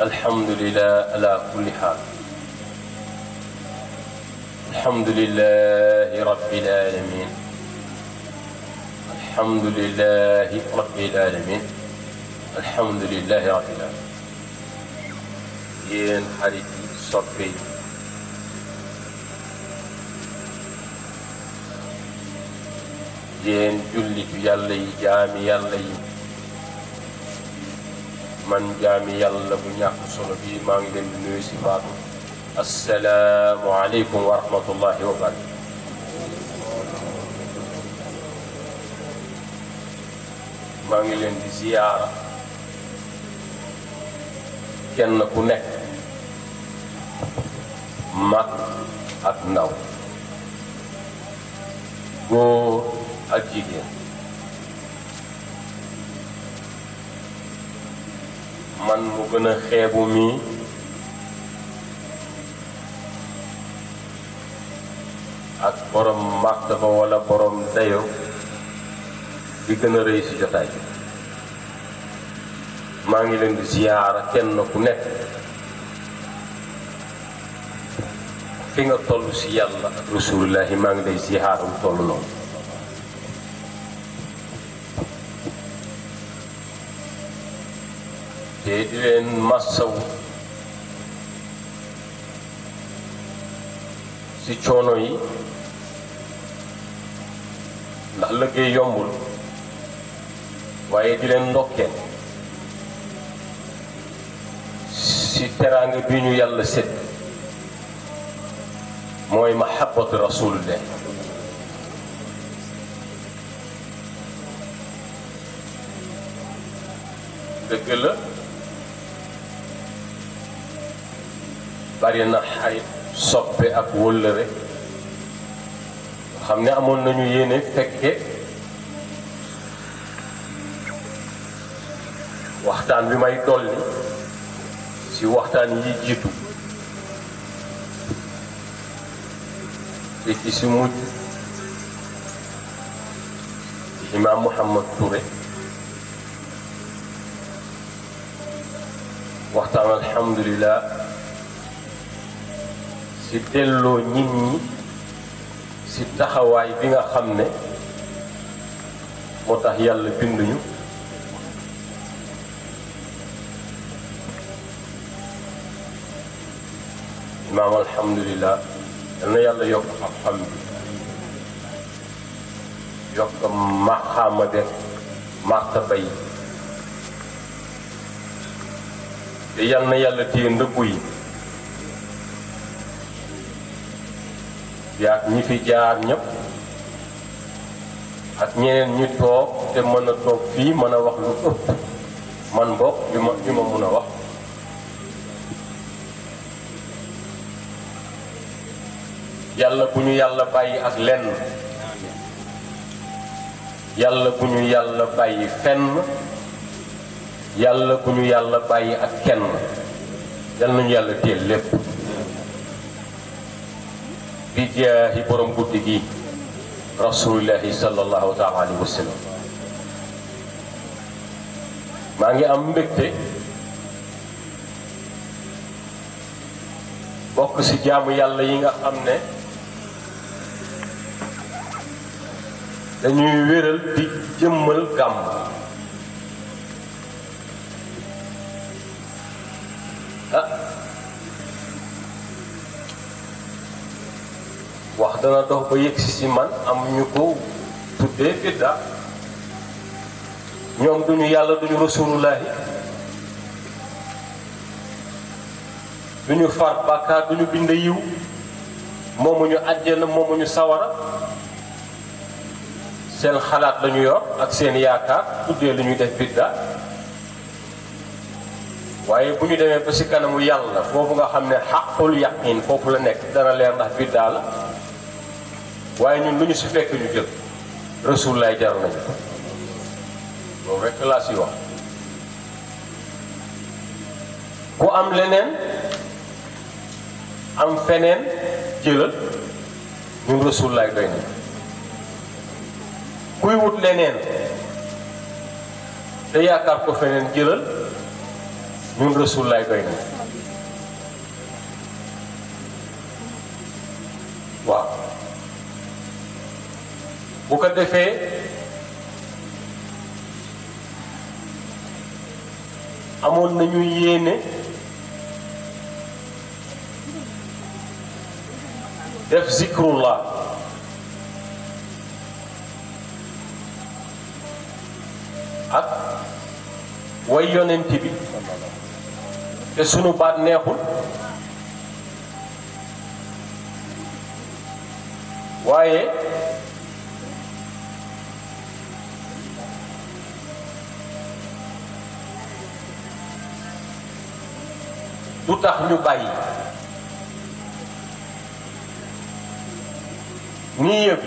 الحمد لله على كل حال الحمد لله رب العالمين الحمد لله رب العالمين الحمد لله رب العالمين yéen xarit yi soppe yi yéen jullit من جامي يلا بن يحصل في مانجل النوس بعد السلام عليكم ورحمة الله وبركاته مانجل زيارة كن كنك ما أتناو go again. man mu gën a xeebu mii ak borom màq ba wala borom dayo bi gën a rëy ci jotaay maa ngi leen di ziyaara kenn ku nekk fi nga toll ci yàlla ak maa ngi lay ziyaara mu noonu te di leen massawu ci coono yi ndax liggéey yombul waaye di leen ndokkeel ci teraanga bi ñu yàlla set mooy mahabbatu rasulillah dëgg la bari na ay soppe ak wëllëre xam ni amoon nañu yéene fekke waxtaan bi may dolli ci waxtaan yi jiitu te ci si mujj ci imaam Mouhamad Touré waxtaan alhamdulilah ci delloo nit ñi ci taxawaay bi nga xam ne moo tax yàlla binduñu imaam alhamdulilah yal na yàlla yokk xam-xam bi yokk maxaama de martaba yi te yal na yàlla téye ndëggu yi yaa ñi fi jaar ñépp ak ñeneen ñi toog te mën a toog fii mën a wax lu ëpp man bokk li ma li ma mun a wax yàlla bu ñu yàlla bàyyi ak lenn yàlla bu ñu yàlla bàyyi fenn yàlla bu ñu yàlla bàyyi ak kenn yàlla nañu yàlla téel lépp bi jaahi borom guddi gi rasulillahi sallallahu taala alayhi wa sallam maa ngi am mbégte bokk ci jaamu yàlla yi nga am ne dañuy wéral di jëmmal gàmm dana dox ba yegsi si man am ñu ko tuddee bidda ñoom duñu yàlla duñu rasulullahi duñu far bàkkaar duñu bind yiw moomuñu àjjana moomuñu sawara seen xalaat lañu yor ak seen yaakaar tuddee lu ñuy def bidda waaye bu ñu demee ba si kanamu yàlla foofu nga xam ne xaqul yaqin foofu la nekk dana leer ndax biddaa la waaye ñun lu ñu si fekk ñu jël rasul laay jar nañu loolu rek laa si wax ku am leneen am feneen jëlal ñun rasul lay doy kuy wut leneen te yaakaar ko feneen jëlal ñun rasul lay doy bu ko defee amoon nañu yéene def zikrullah ak way yonent bi te sunu baat neexul waaye lu tax ñu bàyyi nii yëpp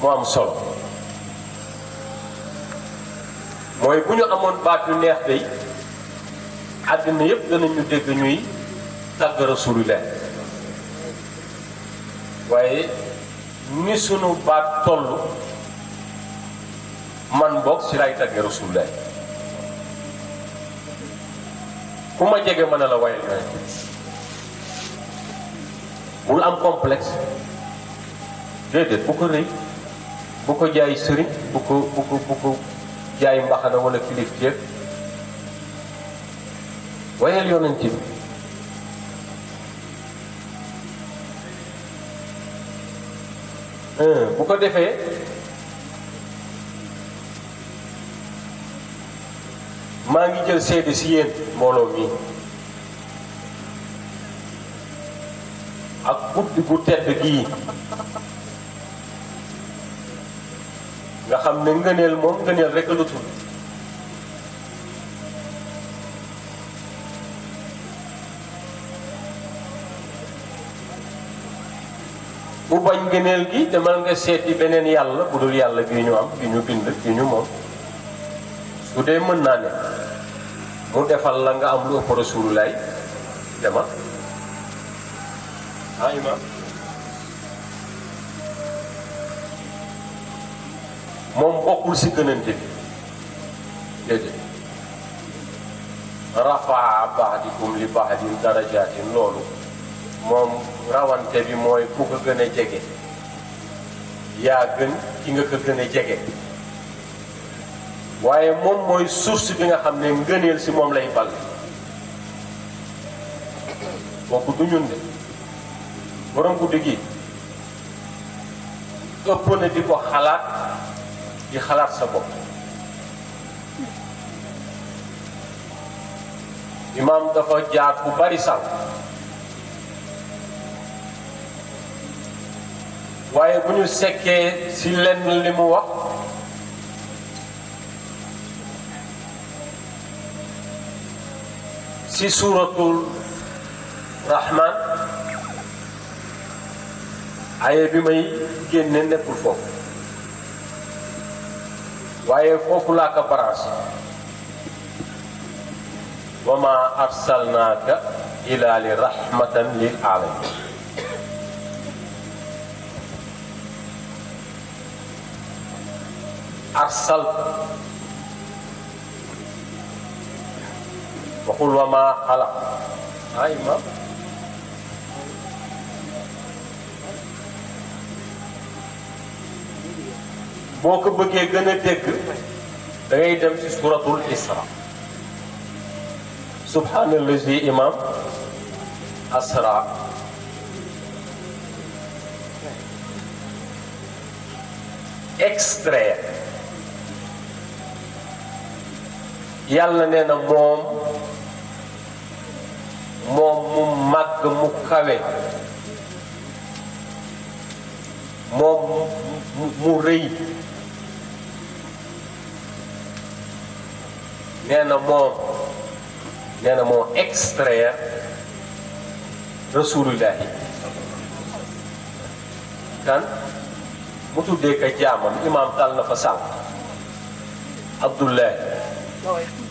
mu am solo mooy bu ñu amoon baat yu neex day àddina yëpp danañu dégg ñuy tàgg rasulillah waaye ni sunu baat toll man bokk si lay tàgg rasulillah fu ma jege mën a la wayal yooyu bul am complexe déedéet bu ko rëy bu ko jaay sëriñ bu ko bu ko bu jaay mbaxana wala kilif jéeg wayal yonent bu ko defee maa ngi jël seede si yéen mbooloo mi ak guddi gu tedd gii nga xam ne ngëneel moom ngëneel rek lu tudd bu bañ ngëneel gi demal nga seeti beneen yàlla bu dul yàlla bi ñu am bi ñu bind bi ñu moom su dee mën naa ne mu defal la nga am lu ëpp rasulullaay dema ah imaam moom bokkul si gënante bi déedéet rafaa baxdikum li baxdin darajaatin loolu moom rawante bi mooy ku ko gën jege yaa gën ki nga ko gën jege waaye moom mooy suuf si bi nga xam ne ngëneel si moom lay bal kooku du ñun de borom guddi gi ëpp na di ko xalaat di xalaat sa ko imaam dafa jaar bu bari sànq waaye bu ñu sekkee si lenn li mu wax في سورة الرحمن آية بمي جنن نكول فوق وآية فوق لا كبرانس وما أرسلناك إلا لرحمة للعالمين أرسلت waxul wa maa xalaq ah imam boo ko bëggee gën a dégg da ngay dem ci suratul isra subhaanallazi imam asra extraire yàlla nee moom moom mu màgg mu kawe moom mu rëy nee na moom nee na moo extraire rasulillahi kan mu tuddee ka jaamam imaam tal na fa sànq abdullahi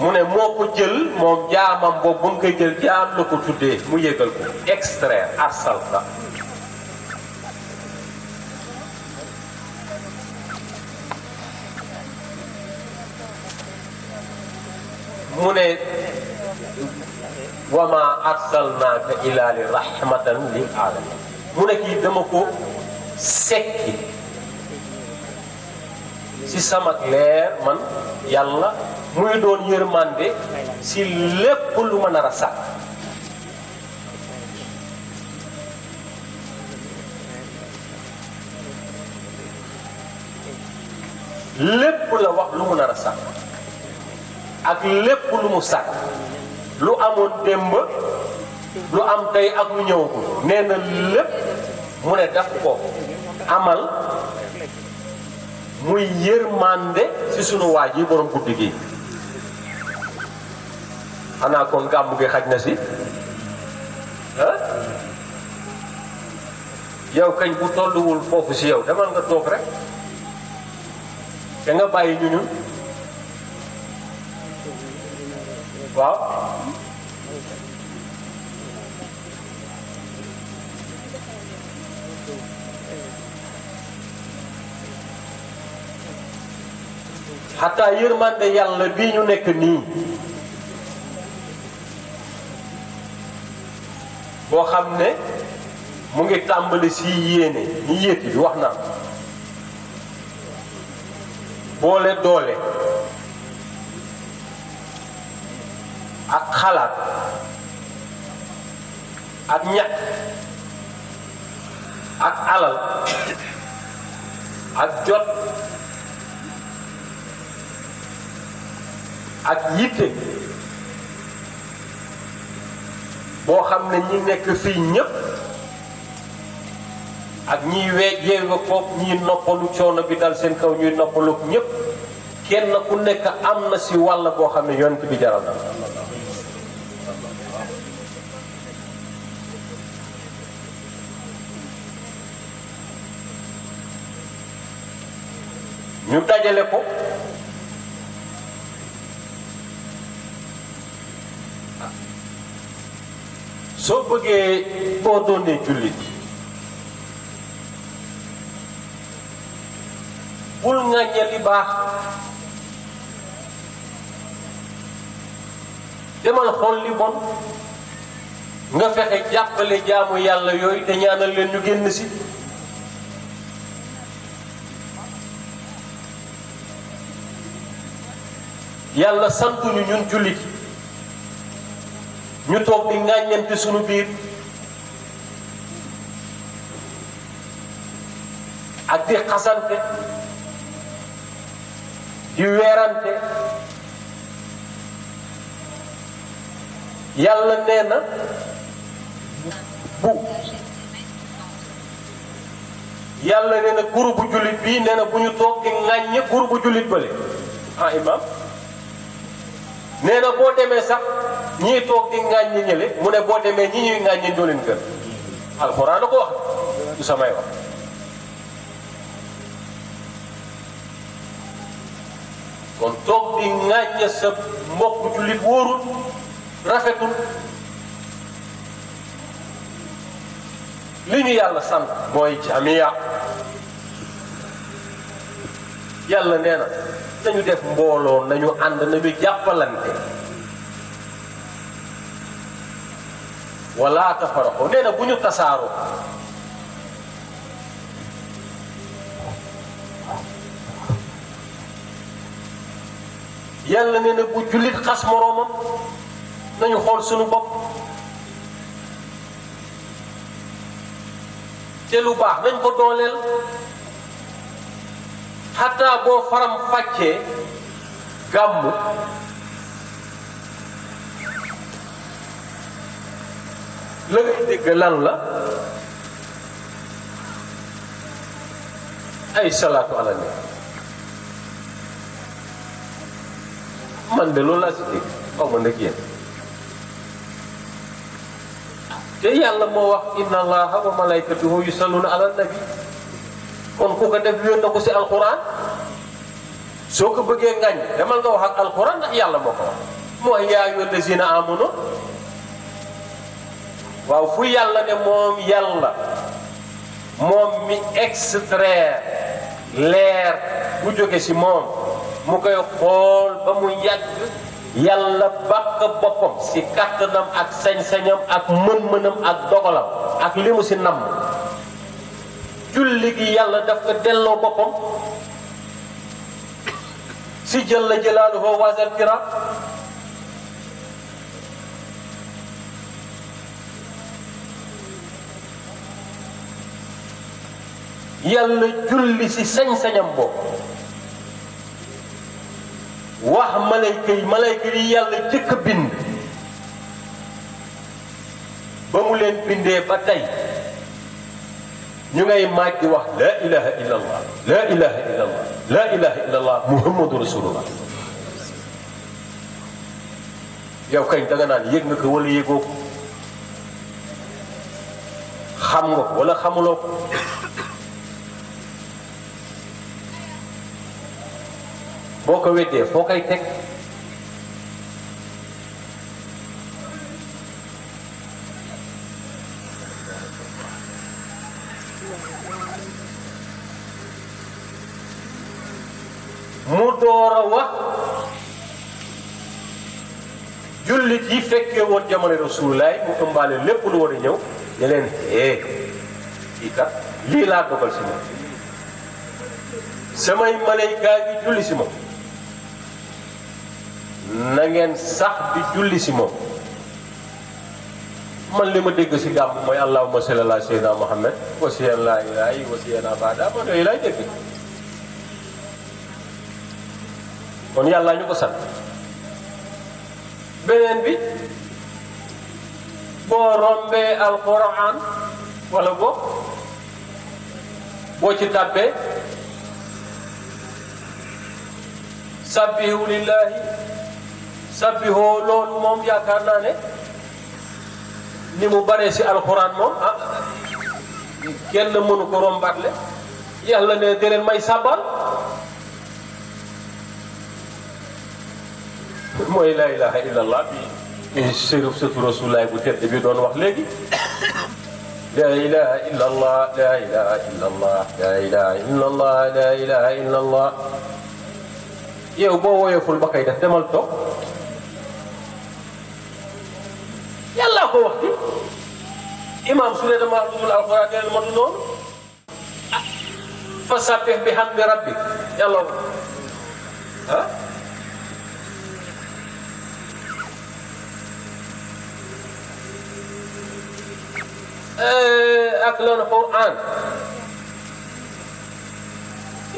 mu ne moo ko jël moom jaamam boobu ba mu koy jël jaam la ko tuddee mu yëgal ko extraire arsal la mu ne wama arsalnaaka ila li rahmatan lil alamin mu ne kii dama ko sekki ci sama leer man yàlla mooy doon yërmande si lépp lu ma nar a sàkk lépp lu mu nar a sàkk ak lépp lu mu sàkk lu amoon démb lu am tey ak lu ñëwagul nee na lépp mu ne daf ko amal muy yërmande si sunu waaj yi borom guddi gi xanaa kon gàmmu gi xaj na si ah yow kañ bu tolluwul foofu si yow demal nga toog rek da nga bàyyi ñu ñun waaw xataa yërmande yàlla bii ñu nekk nii boo xam ne mu ngi tàmbali si yéene ñi yéeti bi wax na boole doole ak xalaat ak ñàkk ak alal ak jot ak yitte boo xam ne ñi nekk fii ñépp ak ñiy wee yeewa koog ñiy noppalu coono bi dal seen kaw ñuy noppalu ñépp kenn ku nekk am na si wàll boo xam ne yonent bi jaral na ñu dajale ko soo bëggee boo doonee jullit bul ŋàññe li baax demal xool li bon nga fexe jàppale jaamu yàlla yooyu te ñaanal leen ñu génn si yàlla santuñu ñun jullit ñu toog di ŋàññante suñu biir ak di xasante di weerante yàlla nee na bu yàlla nee na groupe bu jullit bii nee bu ñu toog di ŋàññe groupe bu jullit bële ah imam nee boo demee sax ñii toog di ŋàññi ñële mu ne boo demee ñi ñuy ŋàññi doo leen gën ko wax du samay wax kon toog di ŋàññe sa mbokk jullit wóorul rafetul li ñu yàlla sant mooy jamia yàlla nee na nañu def mbooloo nañu ànd nañu jàppalante wala tafaraqu nee na bu ñu tasaaroo yàlla nee na bu jullit xas moroomam dañu xool sunu bopp te lu baax nañ ko dooleel xataa boo faram fàccee gàmmu la ngay dégg lan la ay salaatu ala nabi man de lool laa si dégg xaw ma nag yéen te yàlla moo wax inna allaha wa malaykatuhu yusalluna ala nabi kon ku ko def yoon na ko si alquran soo ko bëggee ngañ demal nga wax ak alquran ndax yàlla moo ko wax moo yaa ayyuhal lazina amanu waaw fu yàlla ne moom yàlla moom mi extraire leer bu jóge ci moom mu koy xool ba mu yàgg yàlla bàkk boppam ci kàttanam ak sañ-sañam ak mën-mënam ak dogalam ak limu mu ci namm julli gi yàlla daf ko delloo boppam ci jëlla jëlaaluhu wasal kiram yàlla julli ci sañ-sañam boobu wax malayka yi malayka yi yàlla jëkk bind ba mu leen bindee ba tey ñu ngay maaj di wax laa ilaha illa allah laa ilaha illa allah laa ilaha yow kañ danga naan yëg nga ko wala yëgoo ko xam nga walla wala xamuloo ko boo ko weddee foo koy teg mu door a wax jullit yi fekkee woon jamono rasulullaay mu ëmbaale lépp lu war a ñëw ne leen eh kat lii laa dogal si moom samay malaykaa yi julli si moom na ngeen sax di julli si moom man li salli ala sayyidina muhammad wa siyan laa ilaahi wa siyan abada man yooyu laay dégg kon yàlla ñu sant beneen bi boo rombee alquran wala bo ci sabbihu lillahi sabbihoo loolu moom yaakaar naa ne ni mu baree si alxuraan moom ah kenn mënu ko rombatle yàlla ne de may sàbbal mooy laa ilaha illallah bi sërëf sëtu rasulaay bu tedd bi doon wax léegi laa ilaha illallah laa ilaha illallah laa ilaha illallah laa ilaha illallah yow boo woyoful ba koy def demal toog yalla ko wax imam sure dama dul alquran del mo non fa sabih bi hamdi rabbi yalla ko ha أكل القرآن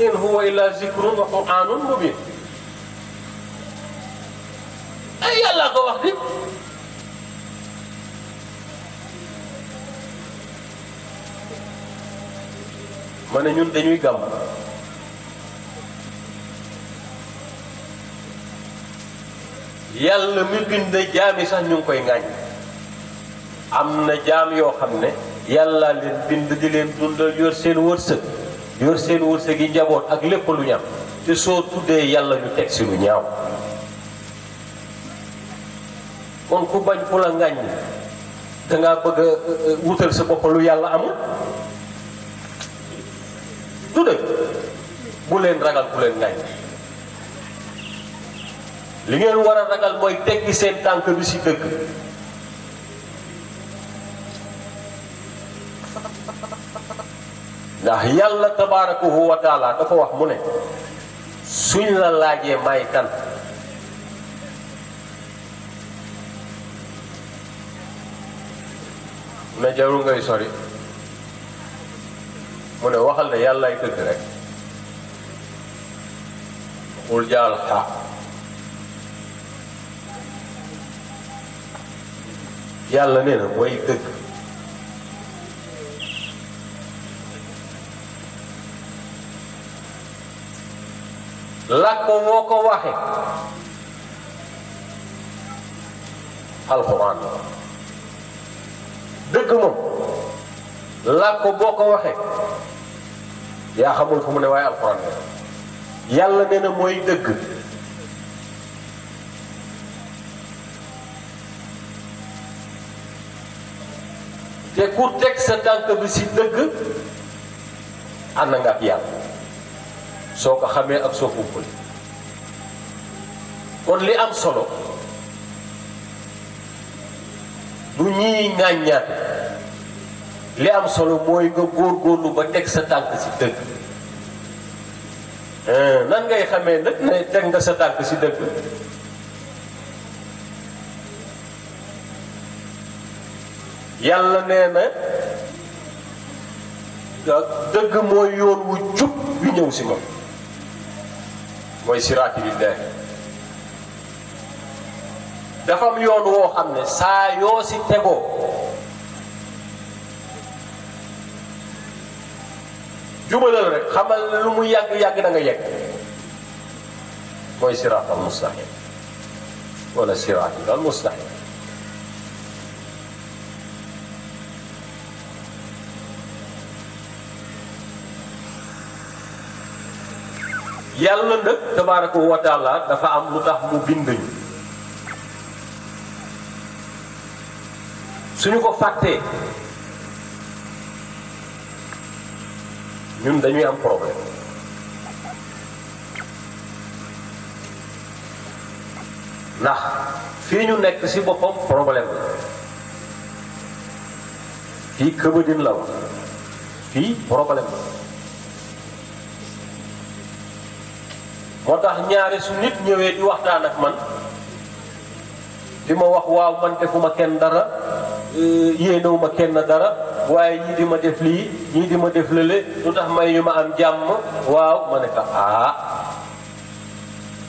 إن هو إلا ذكر وقرآن مبين أي الله قوة ma ne ñun dañuy gàmm yàlla mi bind jaami sax ñu ngi koy ŋàññ am na jaam yoo xam ne yàlla leen bind di leen dundal yor seen wërsëg yor seen wërsëg yi njaboot ak lépp lu ñam te soo tuddee yàlla ñu teg si lu ñaaw kon ku bañ ku la ŋàññ dangaa bëgg a wutal sa bopp lu yàlla amul du dëgg bu ragal ku leen ngañ li ragal mooy teggi seen tànk du si dëgg ndax yàlla tabaarakahu wa taala dafa wax mu suñ la laajee may kan na jarul ngay sori mu ne waxal ne yàllaay dëgg rek xul jaal yàlla nee na mooy dëgg làkk woo ko waxe alxuraan la dëgg làkk boo ko waxee yaa xamul fu mu ne waaye alxuraan yàlla nee na mooy dëgg te ku teg sa tànk bi si dëgg ànd nga ak yàlla soo ko xamee ak soo ko kon li am solo du ñuy ŋàññaat li am solo mooy nga góorgóorlu ba teg sa tànk si dëgg eh, nan ngay xamee nag ne teg nga sa tànk si dëgg yàlla nee na ah, dëgg mooy yoon wu jub wi ñëw si moom mooy siraati billahi dafa am yoon woo xam ne saa yoo si jubalal rek xamal lu mu yàgg yàgg da nga yegg al mustaqim wala siraat al mustaqim yàlla nag tabaraka wa taala dafa am mu bind ñu suñu ko ñun dañuy am problème ndax fii ñu nekk si boppam problème la fii këbadin la fii problème la moo tax ñaare su nit ñëwee di waxtaan ak man di ma wax waaw man defuma kenn dara yéenewuma kenn dara waaye ñii di ma def lii ñii di ma def lële lu tax may yu ma am jàmm waaw ma ne ko ah,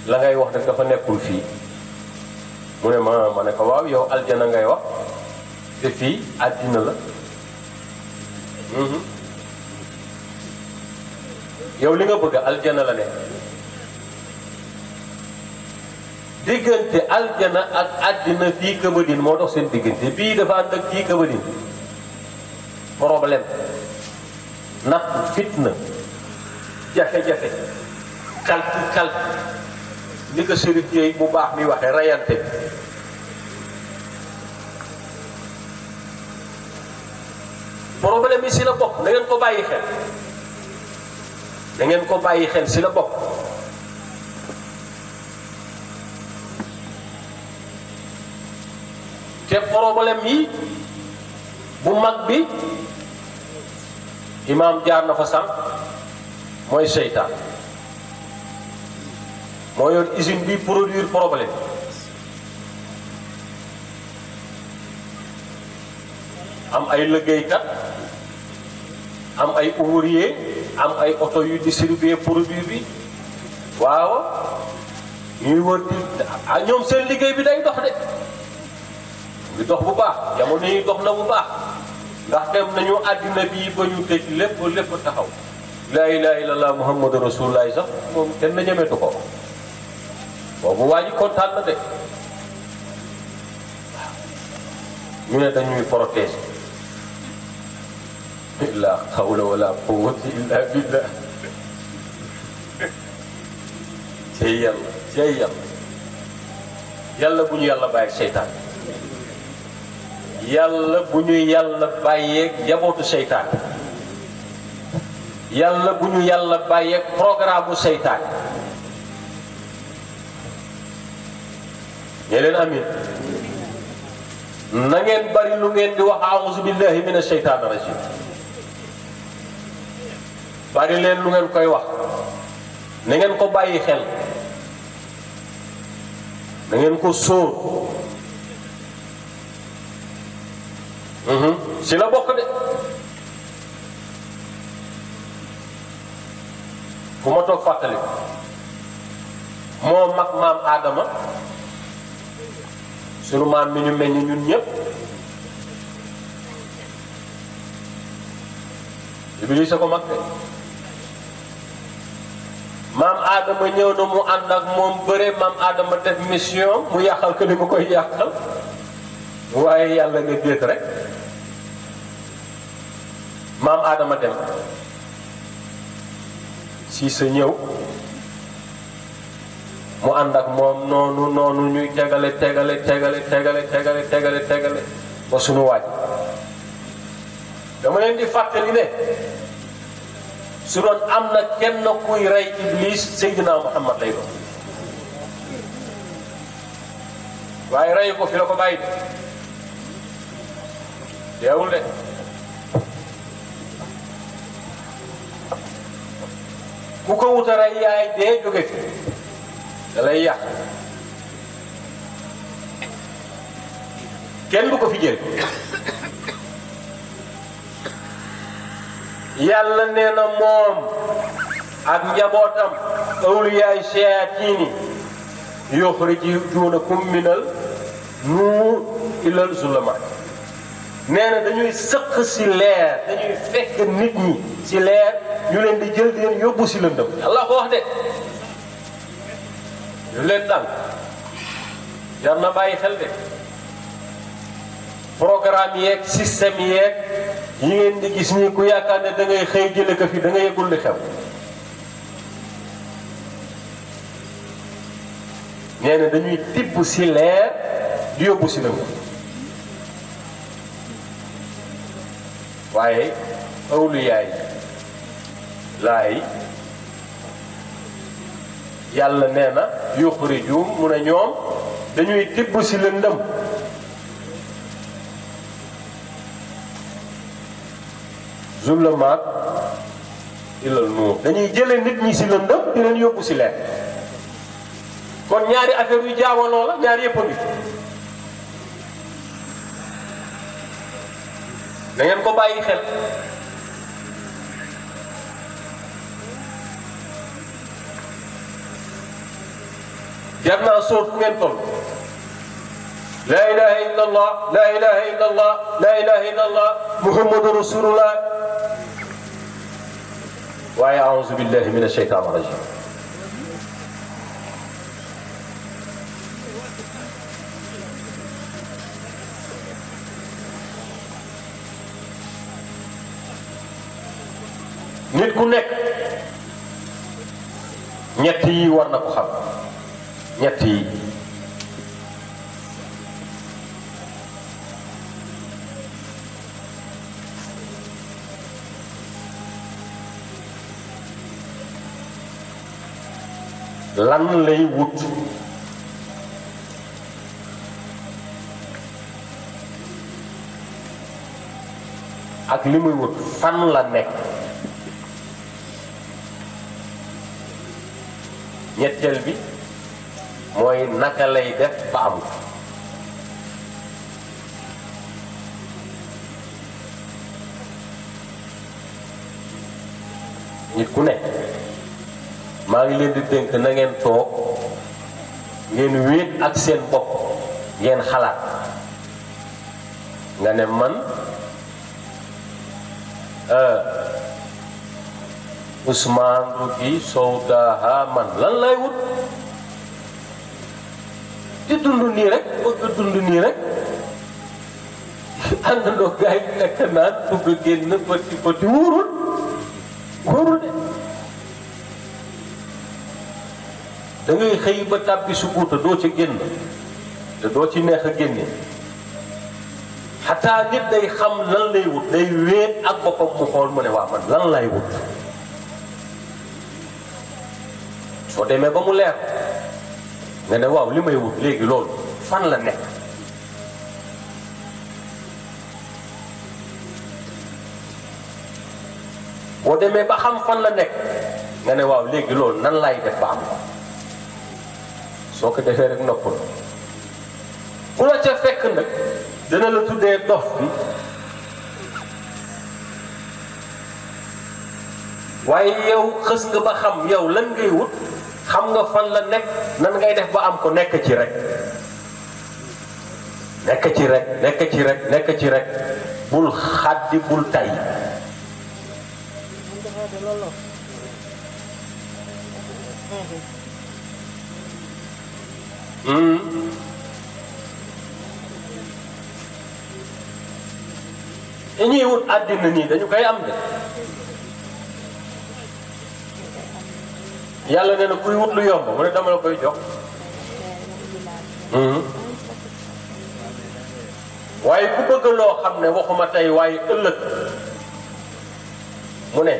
la ngay wax nag dafa nekkul fii mu ne ma ma ne ko waaw yow aljana ngay wax te fii àddina la mhm. yow li nga bëgg aljana la ne diggante aljana ak àddina bii këbadin moo dox seen diggante bii dafa ànd ak fii këbadin problème nat fitna jafé ya, jafé ya, ya, kal kal ni ko sërit yoy bu baax mi waxe rayante problème yi si la bokk na ngeen ko bàyyi xel na ngeen ko bàyyi xel si la bokk te problème yi bu mag bi imaam jaar na fa sànq mooy seytaan moo yor usine bi produire problème am ay liggéeykat am ay ouvrier am ay oto yu distribuer produit bi waaw ñuy wër di ah, ñoom seen liggéey bi dañ dox de bi dox bu baax jamono yi dox na bu baax ndax dem nañu àddina bi ba ñu tëj lépp lépp taxaw laa ilaaha la muhammadu rasulullaahi sax moom kenn na ñemetu ko boobu waa kontaan na de ñu ne dañuy protéger laa xawla wala quwwata illa la cey yàlla cey yàlla yàlla bu ñu yàlla bàyyi seytaan yàlla bu ñu yàlla bàyyeeg jabootu seytaan yàlla bu ñu yàlla bàyyeeg programme seytaan ne leen amin na ngeen bari lu ngeen di wax auzu billahi min asheytaan rajim bari leen lu ngeen koy wax na ko bàyyi xel na ngeen ko sóor si la bokk de bu ma toog fàttali moo mag maam Aadama sunu maam mi ñu meññ ñun ñëpp Iblis a ko mag de maam Aadama ñëw na mu ànd ak moom bëre maam Aadama def mission mu yàqal ko li mu koy yàqal waaye yàlla nga déet rek maam aadama dem si sa ñëw mu ànd ak moom noonu noonu ñuy tegale tegale tegale tegale tegale tegale tegale ba suñu waaj dama leen di fàttali ne su doon am na kenn kuy rey Iblis Seydina Muhammad lay doon waaye reyu ko fi la ko bàyyi de deewul de bu ko wutara yaay e dee jóge fi da yàq kenn du ko fi yàlla nee na moom ak njabootam awliyaay shayaatiini yuxrijuunakum minal nuur ilal zulumaat nee na dañuy sëq si leer dañuy fekk nit ñi si leer ñu leen di jël di leen yóbbu si lëndëm yàlla ko wax de lu leen dal jar na bàyyi xel de programme yeeg système yeeg yi ngeen di gis nii ku yaakaar ne da ngay xëy jële ko fi da xew nee dañuy tibb si leer di yóbbu si lëndëm waaye awliyaay laay yàlla nee na yuxrijum mu ne ñoom dañuy tibb si lëndëm zulumaat ilal nuur dañuy jële nit ñi si lëndëm di yóbbu si leer kon ñaari affaire yu jaawaloo la ñaari yëpp a ngayon ko bàyyi xel jar naa sóor fu ngeen toll ilaha illallah, la ilaha illallah, la ilaha illallah, Muhammadur rasulullah Wa aouzu billahi minash shaitanir rajim nit ku nekk ñett yi war na ko xam ñett yi lan lay wut ak li muy wut fan la nekk ñetteel bi mooy naka lay def ba am ko nit ku nekk maa ngi leen di dénk na ngeen toog ngeen wéet ak seen bopp ngeen xalaat nga ne man euh Ousmane Rougui Sow daaha man lan lay wut di dund nii rek bëgg dund nii rek àndandoo gars yi nekk naan bëgg a génn bëti bëti wóorul wóorul de da xëy ba tàbbi su guuta doo ci génn te doo ci neex a génne xataa nit day xam lan lay wut day wéet ak boppam mu xool mu ne waa man lan lay wut soo demee ba mu leer nga ne waaw li may wut léegi loolu fan la nekk boo demee ba xam fan la nekk nga ne waaw léegi loolu nan laay def ba am ko soo ko defee rek noppal ku la ca fekk nag dina la tuddee dof bi waaye yow xës nga ba xam yow lan ngay wut xam nga fan la nekk nan ngay def ba am ko nekk ci rek nekk ci rek nekk ci rek nekk ci rek bul xaddi bul tay hmm. ñi wut àddina nii dañu koy am de yàlla ne na kuy wut lu yomb mu ne dama la koy jox. Hmm. waaye ku bëgg loo xam ne waxuma tey waaye ëllëg mu ne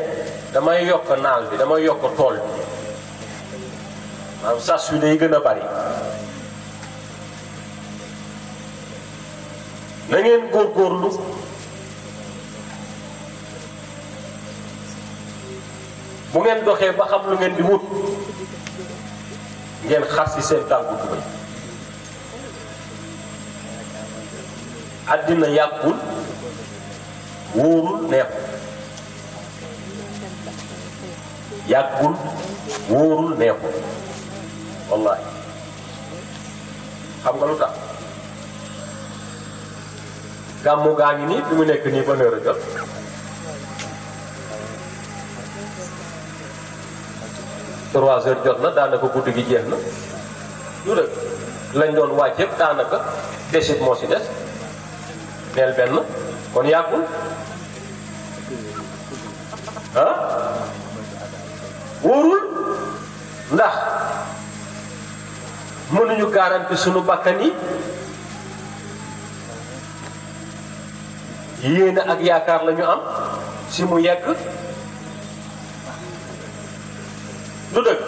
damay yokk naal bi damay yokk tool bi maanaam sas wi day gën a bari na ngeen góorgóorlu. bu ngeen doxee ba xam lu ngeen di wut ngeen xar si seen tànku tubéy àddina yàqul wóorul neexul yàqul wóorul neexul wallahi xam nga lu tax gàmmu gaa ngi nii fi mu nekk nii ba heure trois heures jot na daanaka guddi gi jeex na lu rek lañ doon waaj yëpp daanaka desit moo ci des neel benn kon yàggul ah wóorul ndax mënuñu garanti suñu bakkan yi yéene ak yaakaar lañu am si mu yegg du dëgg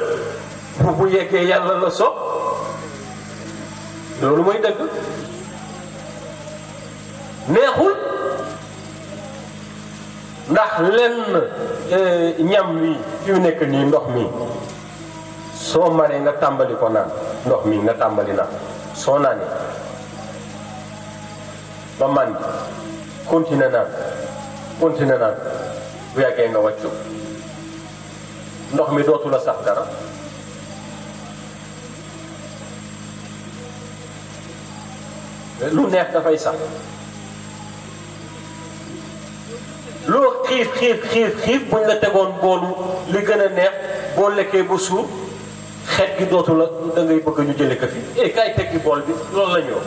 bu bu yàlla la so loolu mooy dëgg neexul ndax lenn eh, ñam wi fi nekk nii ndox mi soo maree nga tàmbali ko naan ndox mi nga tàmbali naan soo naanee ba man continué naan continué naan bu yàggee nga wàccu ndox mi dootu la sax dara lu neex dafay sax loo xiif xiif xiif xiif buñ la tegoon boolu li gën a neex boo lekkee ba suur xet gi dootu la dangay bëgg ñu jële ko fii eh kaay teggi bool bi loolu lañu ñu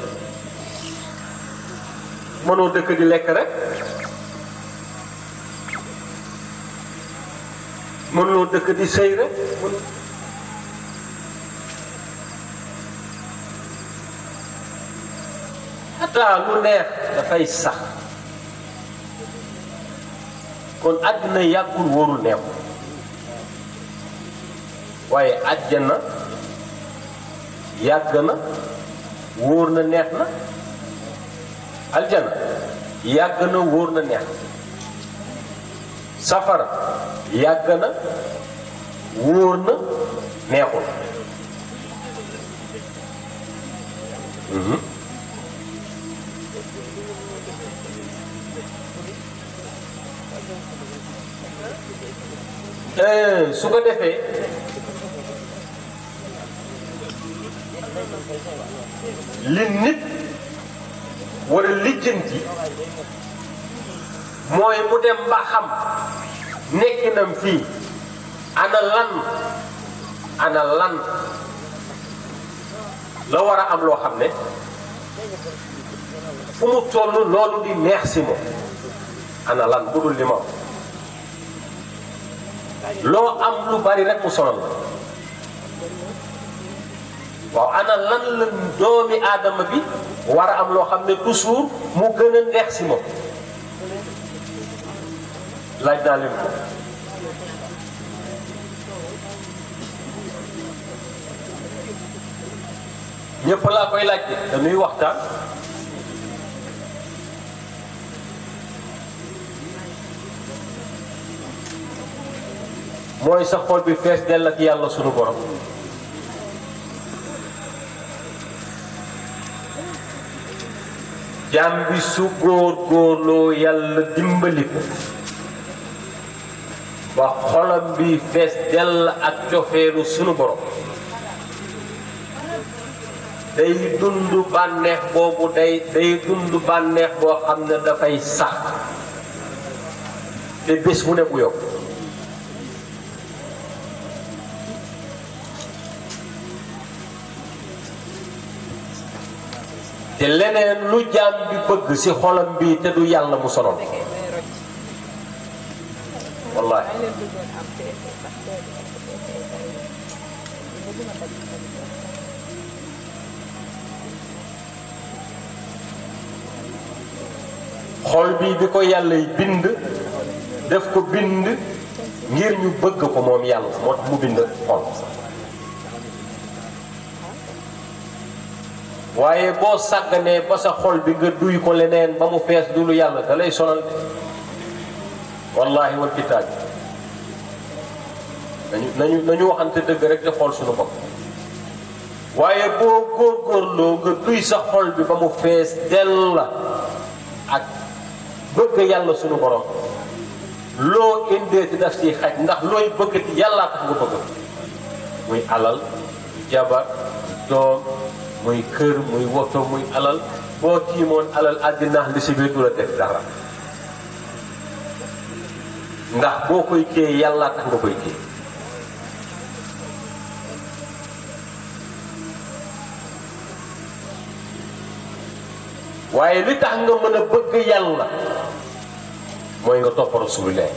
mënoo dëkk di lekk rek mënuloo dëkk di sëy rek xataa lu neex dafay sax kon àddina yàggul wóorul neex waaye àjjana yàgg na wóor na neex na aljana yàgg na wóor na neex na safara yàgg na wóor na neexul mhm. eh, su ko defee li nit war a lijjanti mooy mu dem ba xam nekkinam fii ana lan ana lan la war a am loo xam ne fu mu toll loolu di neex si moom ana lan bu dul li loo am lu bari rek mu sonal la waaw ana la doomi aadama bi war a am loo xam ne toujours mu gën a neex si moom laaj naa leen ko lagi laa koy laaj de dañuy waxtaan mooy sa xol bi fees dell ak yàlla sunu borom su góor góorloo yàlla dimbali ko ba xolam bi fees dell ak cofeelu sunu borom day dund bànneex boobu day day dund sax te mu ne bu te leneen lu bi bëgg xolam bi te du mu wallaahi. xol bi di ko yàlla bind def ko bind ngir ñu bëgg ko moom yàlla moo tax mu bind xol waaye boo sàgganee ba sa xol bi nga duy ko leneen ba mu pees du lu yàlla da lay sonal wallahi wal kitaabi nañu nañu nañu waxante dëgg rek di xool suñu bopp waaye boo góorgóorloo nga duy sa xol bi ba mu fees dell la ak bëgg yàlla suñu borom loo indeeti daf siy xaj ndax looy bëggati yàllaa tax nga bëgg muy alal jabar doom muy kër muy woto muy alal boo tiimoon alal àddinaax li si biir du def dara ndax boo koy téye yàlla tax nga koy téye waaye li tax nga mën a bëgg yàlla mooy nga topp rasulillah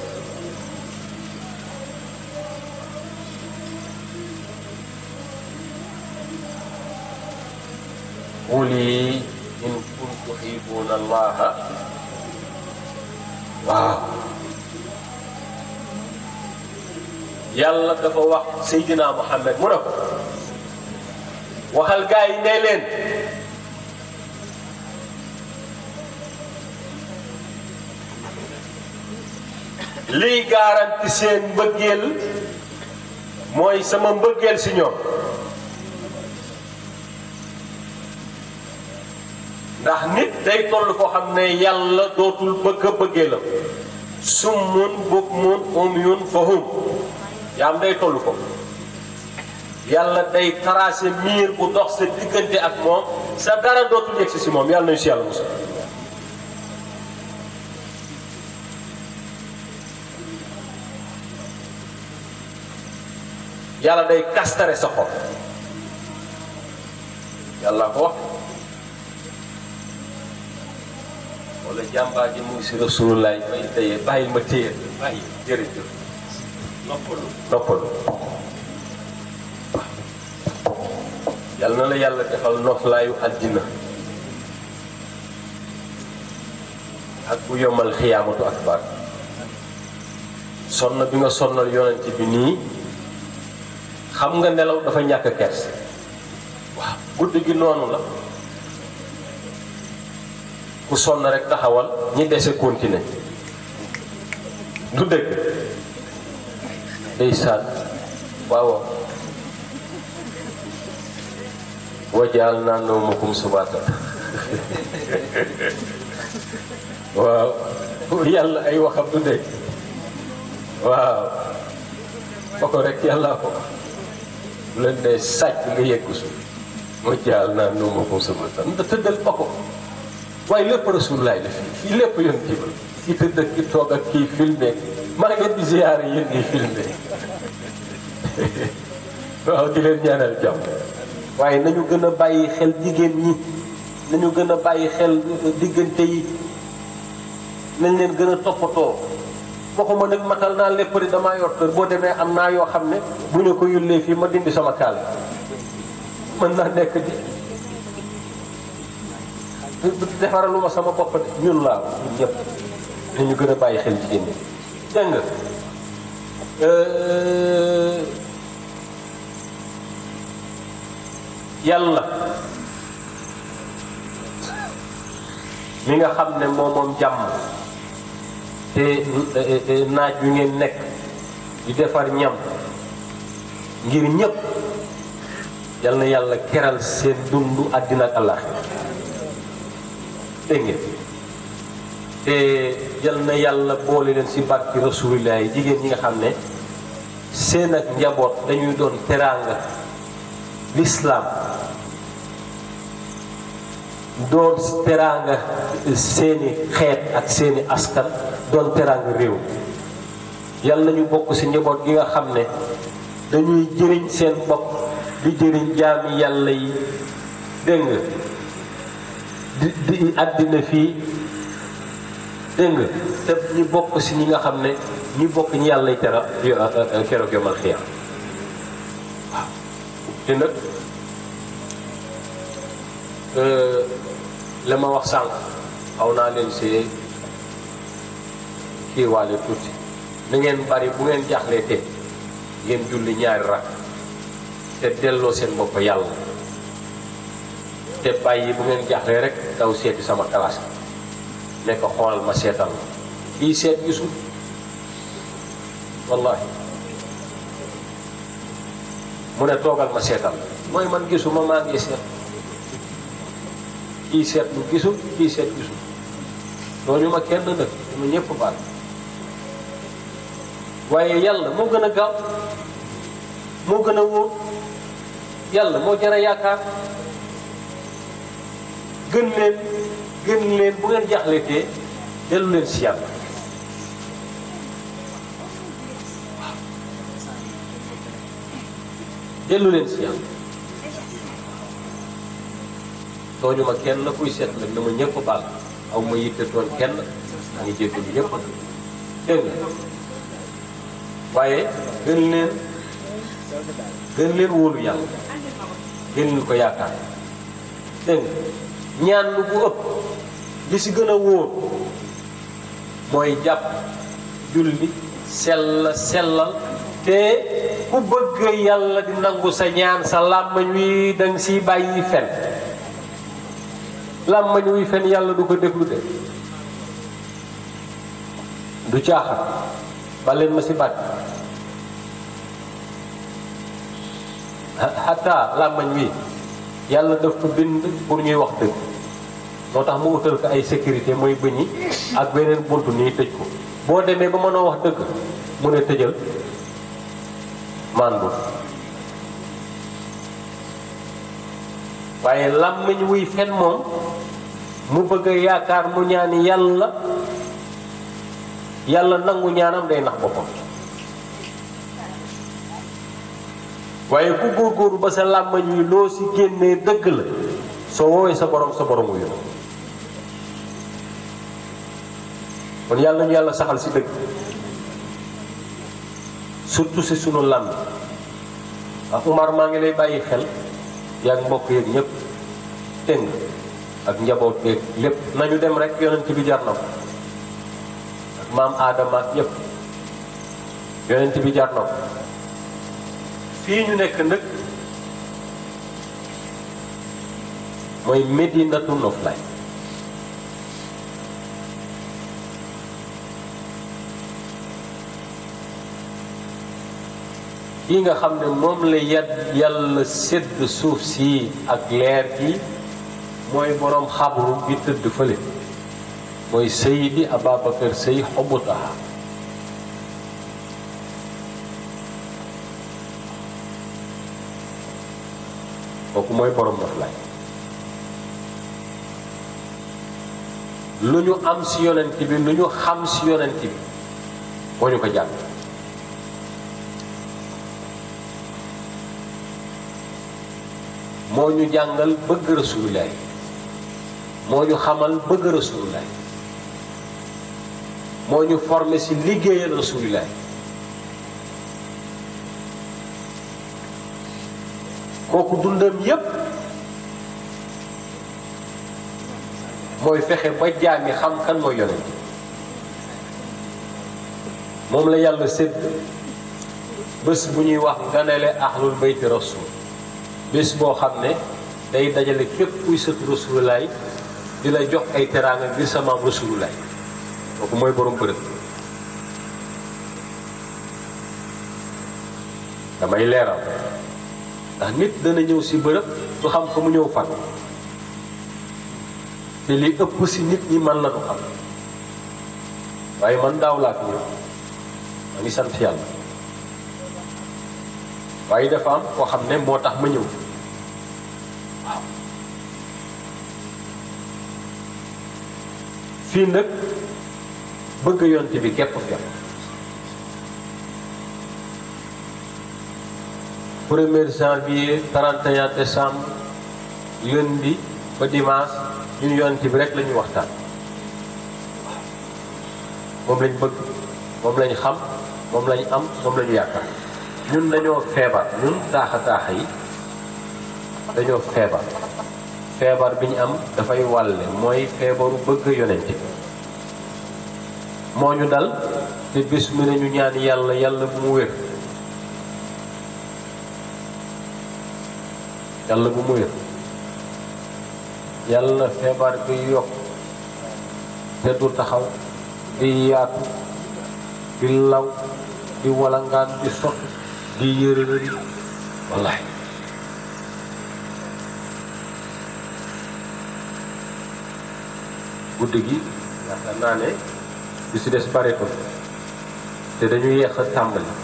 qul in kuntum tuhibbuuna allaha waaw yàlla dafa wax Seydina Muhammad mu ne ko waxal gaa yi ne leen liy garanti seen mbëggeel mooy sama mbëggeel si ñoom ndax nit day toll foo xam ne yàlla dootul bëgg a bëggee la summun bukmun umyun fahum yaam day tollu ko yàlla day tracé miir bu dox sa diggante ak moom sa dara dootul yegsi si yàlla nañu si yàlla yàlla day kastare sa xol yàlla ko wax wala jàmbaa ji muy si rasulullah bay teye bàyyi ma téye bàyyi jërëjëf noppalu noppalu yàlla na la yàlla defal noflaayu àddina ak bu yombal xiyaamatu akbar sonn bi nga sonnal yonent bi nii xam nga nelaw dafa ñàkk kers waaw guddi gi noonu la ku sonn rek taxawal ñi dese continuer du dëgg ndeysaan waaw wajaal naa noo mukum subaata waaw yàlla ay waxam du dégg waaw fa ko rek yàlla ko bu leen dee sàcc nga yeggu su wajaal naa noo mukum subaata nda tëddal fa ko waaye lépp rasulaay la fii lépp yoon jibal ki tëdd ak ci toog ak kii filmé maa ngi leen di ziare yéen ñuy filmé waaw di leen ñaanal jàmm waaye nañu gën a bàyyi xel gën a bàyyi xel euh, diggante yi nañ leen gën a toppatoo waxuma nag matal naa lépp di damaa boo demee am naa yoo xam ne bu ñu ko yullee fii ma dindi sama kaal mën naa nekk di defaralu ma sama bopp de ñun laa ñun ñëpp nañu gën a bàyyi xel jigéen ñi dégg nga euh, yàlla mi nga xam ne moom jàmm te euh, euh, naaj yu ngeen nekk yu defar ñam ngir ñëpp yal na yàlla keral seen dundu àddina ak àllaaxira dégg te yal na yàlla boole leen si barki rasulillah yi jigéen ñi nga xam ne seen ak njaboot dañuy doon teraanga lislaam doon teranga seeni xeet ak seeni askan doon teraanga réew yàlla ñu bokk si njaboot gi nga xam ne dañuy jëriñ seen bopp di jëriñ jaami yàlla yi dégg di di àddina fii dégg nga te ñu bokk si ñi nga xam ne ñu bokk ñi yàlla lay tera keroog yomal xiyaam waaw te nag euh, la ma wax sànq xaw naa leen see kii waale tuuti ngeen bari bu ngeen jaaxlee te ngeen julli ñaari rakk te delloo seen bopp yàlla te bàyyi bu ngeen jaaxlee rek daw seeti sama classe nekk xoolal ma seetal kii seet gisul wallahi mu ne toogal ma seetal mooy man gisuma maa ngi seet kii seet lu gisul kii seet gisul dooñu ma kenn nag dama ñëpp baal waaye yàlla moo gën a gaaw moo gën a wóor yàlla moo jar a yaakaar gën leen gën leen bu ngeen jaaxletee dellu leen si yàlla waaw dellu leen si yàlla tooñu ma kenn kuy seet nag dama ñëpp baal aw ma yitte toon kenn maa ngi jéggalu ñëpp dégg nga waaye gën leen gën leen wóolu yàlla gën ñu ko yaakaar dégg nga ñaan lu ko ëpp li si gën a wóor mooy jàpp julli sell sellal te ku bëgg yàlla di nangu sa ñaan sa làmmañ wi dang si bàyyi fen làmmañ wi fen yàlla du ko déglu de du caaxaan baleen ma si hatta làmmañ wi yàlla def fi bind pour ñuy wax dëgg moo tax mu utal ko ay sécurité mooy bëñi ak beneen bunt nii tëj ko boo demee ba mënoo wax dëgg mu ne tëjal màndu waaye làmmiñ wuy fen moom mu bëgg a yaakaar mu ñaani yàlla yàlla nangu ñaanam day nax boppam waaye ku góorgóorlu ba sa si génnee dëgg la soo woowee sa borom sa borom wuyu kon saxal si dëgg surtout si sunu làmb ak Umar maa ngi lay bàyyi xel yaa mbokk yeeg ñëpp tëng ak njaboot beeg lépp nañu dem rek yonent bi ak maam yonent bi fii ñu nekk nag mooy Medinatu Noflaay yi nga xam ne moom la yat yàlla sedd suuf si ak leer gi mooy boroom xabru bi tëdd fële mooy Seydi Ababacar Sey Xobutaha kooku mooy borom noflaay lu ñu am si yonent bi lu ñu xam si yonent bi moo ñu ko jàng moo ñu jàngal bëgg rasululaay moo ñu xamal bëgg rasululaay moo ñu formé si liggéeyal kooku dundam yépp mooy fexe ba jaami xam kan mooy yonent moom la yàlla sédd bés bu ñuy wax ganale ahlul bayti rasul bés boo xam ne day dajale képp kuy sët rasulullaay di la jox ay teraanga ngir sa maam rasulullaay kooku mooy borom bërëb damay leeral ndax nit dana ñëw si bërëb du xam ko mu ñëw fan te lii ëpp si nit ñi man na ko xam waaye man daaw laa ko ñëw ma ngi sant yàlla waaye dafa koo xam ne moo tax ma ñëw waaw fii nag bëgg yonte bi képp képp 1er janvier 31 décembre bi ba dimanche ñun yonent bi rek la ñu waxtaan moom lañ bëgg moom lañ xam moom lañu am moom lañu yaakaar ñun dañoo feebar ñun taaxa taaxa yi dañoo feebar feebar bi ñu am dafay wàlle mooy feebaru bëgg yonent bi moo ñu dal te bés mu ne ñu ñaan yàlla yàlla mu wér yàlla bu mu wér yàlla feebar bi yokk te du taxaw di yaatu di law di walangaan di sot di yërërëri wallaay guddi gi yaakaar naa ne bi si des bareetul te dañu yeex a tàmbali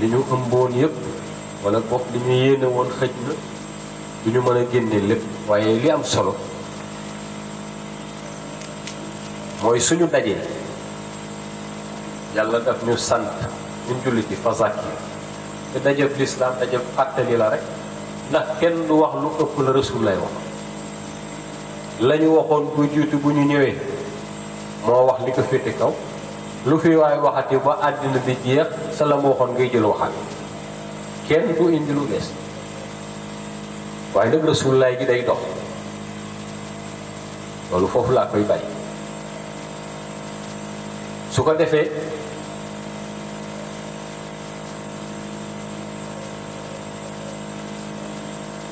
li ñu ëmboon yépp wala boog li ñu yéene woon xëj na du ñu mën a génne lépp waaye li am solo mooy suñu dajee yàlla daf ñu sant ñun jullit fa zakki te dajab lislaam dajab fàttali la rek ndax kenn du wax lu ëpp la rasul lay wax la ñu waxoon bu jiitu bu ñu ñëwee moo wax li ko féete kaw lu fi waay waxati ba àddina bi jeex sa la moo xoon ngay jël waxaat kenn du indi lu bees waaye nag rasulaay gi day dox loolu foofu laa koy bàyyi su ko defee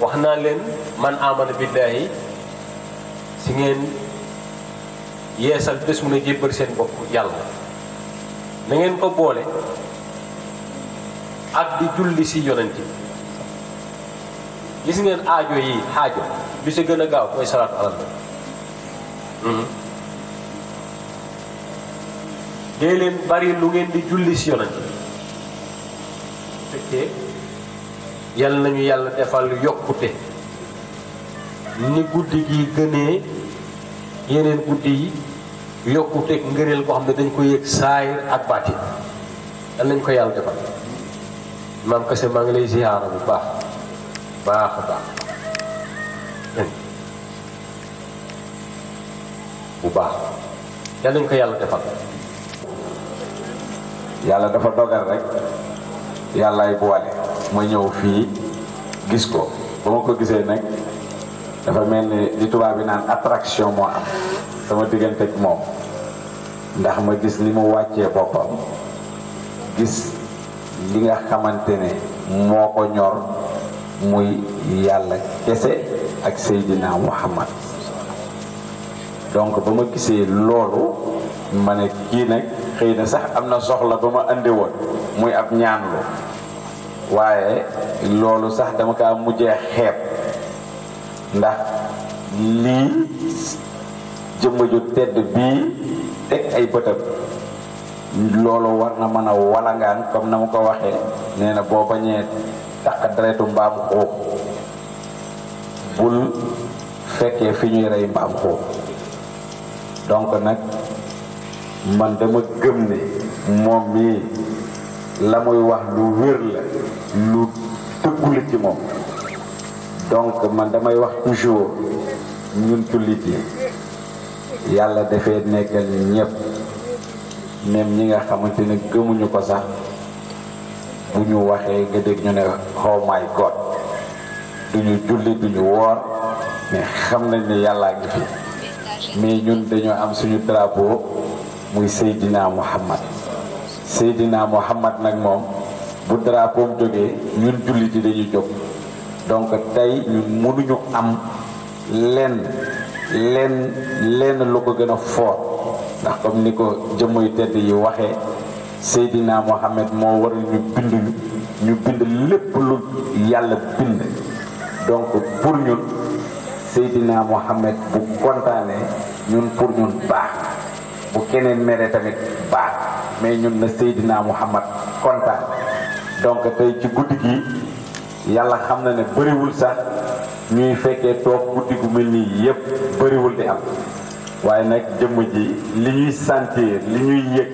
wax naa man amana billahi si ngeen yeesal bés mun a jébbal seen bopp yàlla da ko boole ak di julli si yonent gis ngeen aajo yi xaajo bi si gën a gaaw mooy salaatu alal la hmm. dee leen bari lu ngeen di julli si yonent bi fekkee yal nañu yàlla defal yokkute ni guddi gi gënee yeneen guddi yi yokkute ngëneel boo xam ne dañ ko yëg saayir ak baati dan lañ ko yàlla defal maam kase maa ngi lay bu baax baax baax bu baax dan lañ ko yàlla defal yàlla dafa dogal rek yàllaay boole ma ñëw fii gis ko ba ma ko gisee nag dafa mel ni li tubaab bi naan attraction moo am sama diggante ak Mo, ndax ma gis li mu wàccee gis li nga xamante ne moo ko ñor muy yàlla kese ak Seydina Muhammad donc ba ma gisee loolu ma ne kii nag sax am na soxla ba ma andi muy ab ñaanlu waaye loolu sax dama ka mujjee xeeb ndax jëmm ju tedd bii teg ay bëtam loolu war na mën a walangaan comme na mu ko waxee nee na boo bañee takk deretu mbaam bul fekkee fi ñuy rey mbaam xuux donc nag man dama gëm ne moom mii la wax lu wér la lu dëggu la ci moom donc man damay wax toujours ñun jullit yi yàlla dafee nekkal ñu ñëpp ñi nga xamante ne gëmuñu ko sax bu ñu waxee nga dégg ñu ne oh my God duñu julli duñu woor mais xam nañ ne yàllaa ngi fi mais ñun dañoo am suñu drapeau muy Seydina Muhammad Seydina Muhammad nag moom bu drapeau mu jógee ñun jullit di dañuy jóg donc tey ñun mënuñu am lenn lenn lenn lu ko gën a foor ndax comme ni ko jëmm yu tedd yi waxee Seydina Mohamed moo waral ñu bind ñu bind lépp lu yàlla bind donc pour ñun Seydina Mohamed bu kontaanee ñun pour ñun baax bu keneen mere tamit baax mais ñun na Seydina Mohamed kontaan donc tey ci guddi gi yàlla xam na ne bëriwul sax ñuy fekkee toog guddi gu mel nii yëpp bëriwul di am waaye nag jëmm ji li ñuy sentir li ñuy yëg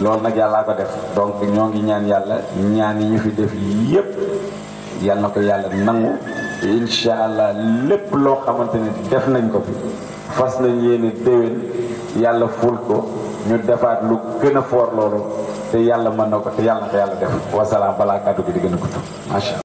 loolu nag yàllaa ko def donc ñoo ngi ñaan yàlla ñaan yi ñu fi def yëpp yàlla na ko yàlla nangu incha lépp loo xamante ni def nañ ko fi fas nañ yéene déwén yàlla ful ko ñu defaat lu gën a foor loolu te yàlla mën na ko te yàlla na ko yàlla def wasalaam balaa kàddu ko di gën a gudd macha allah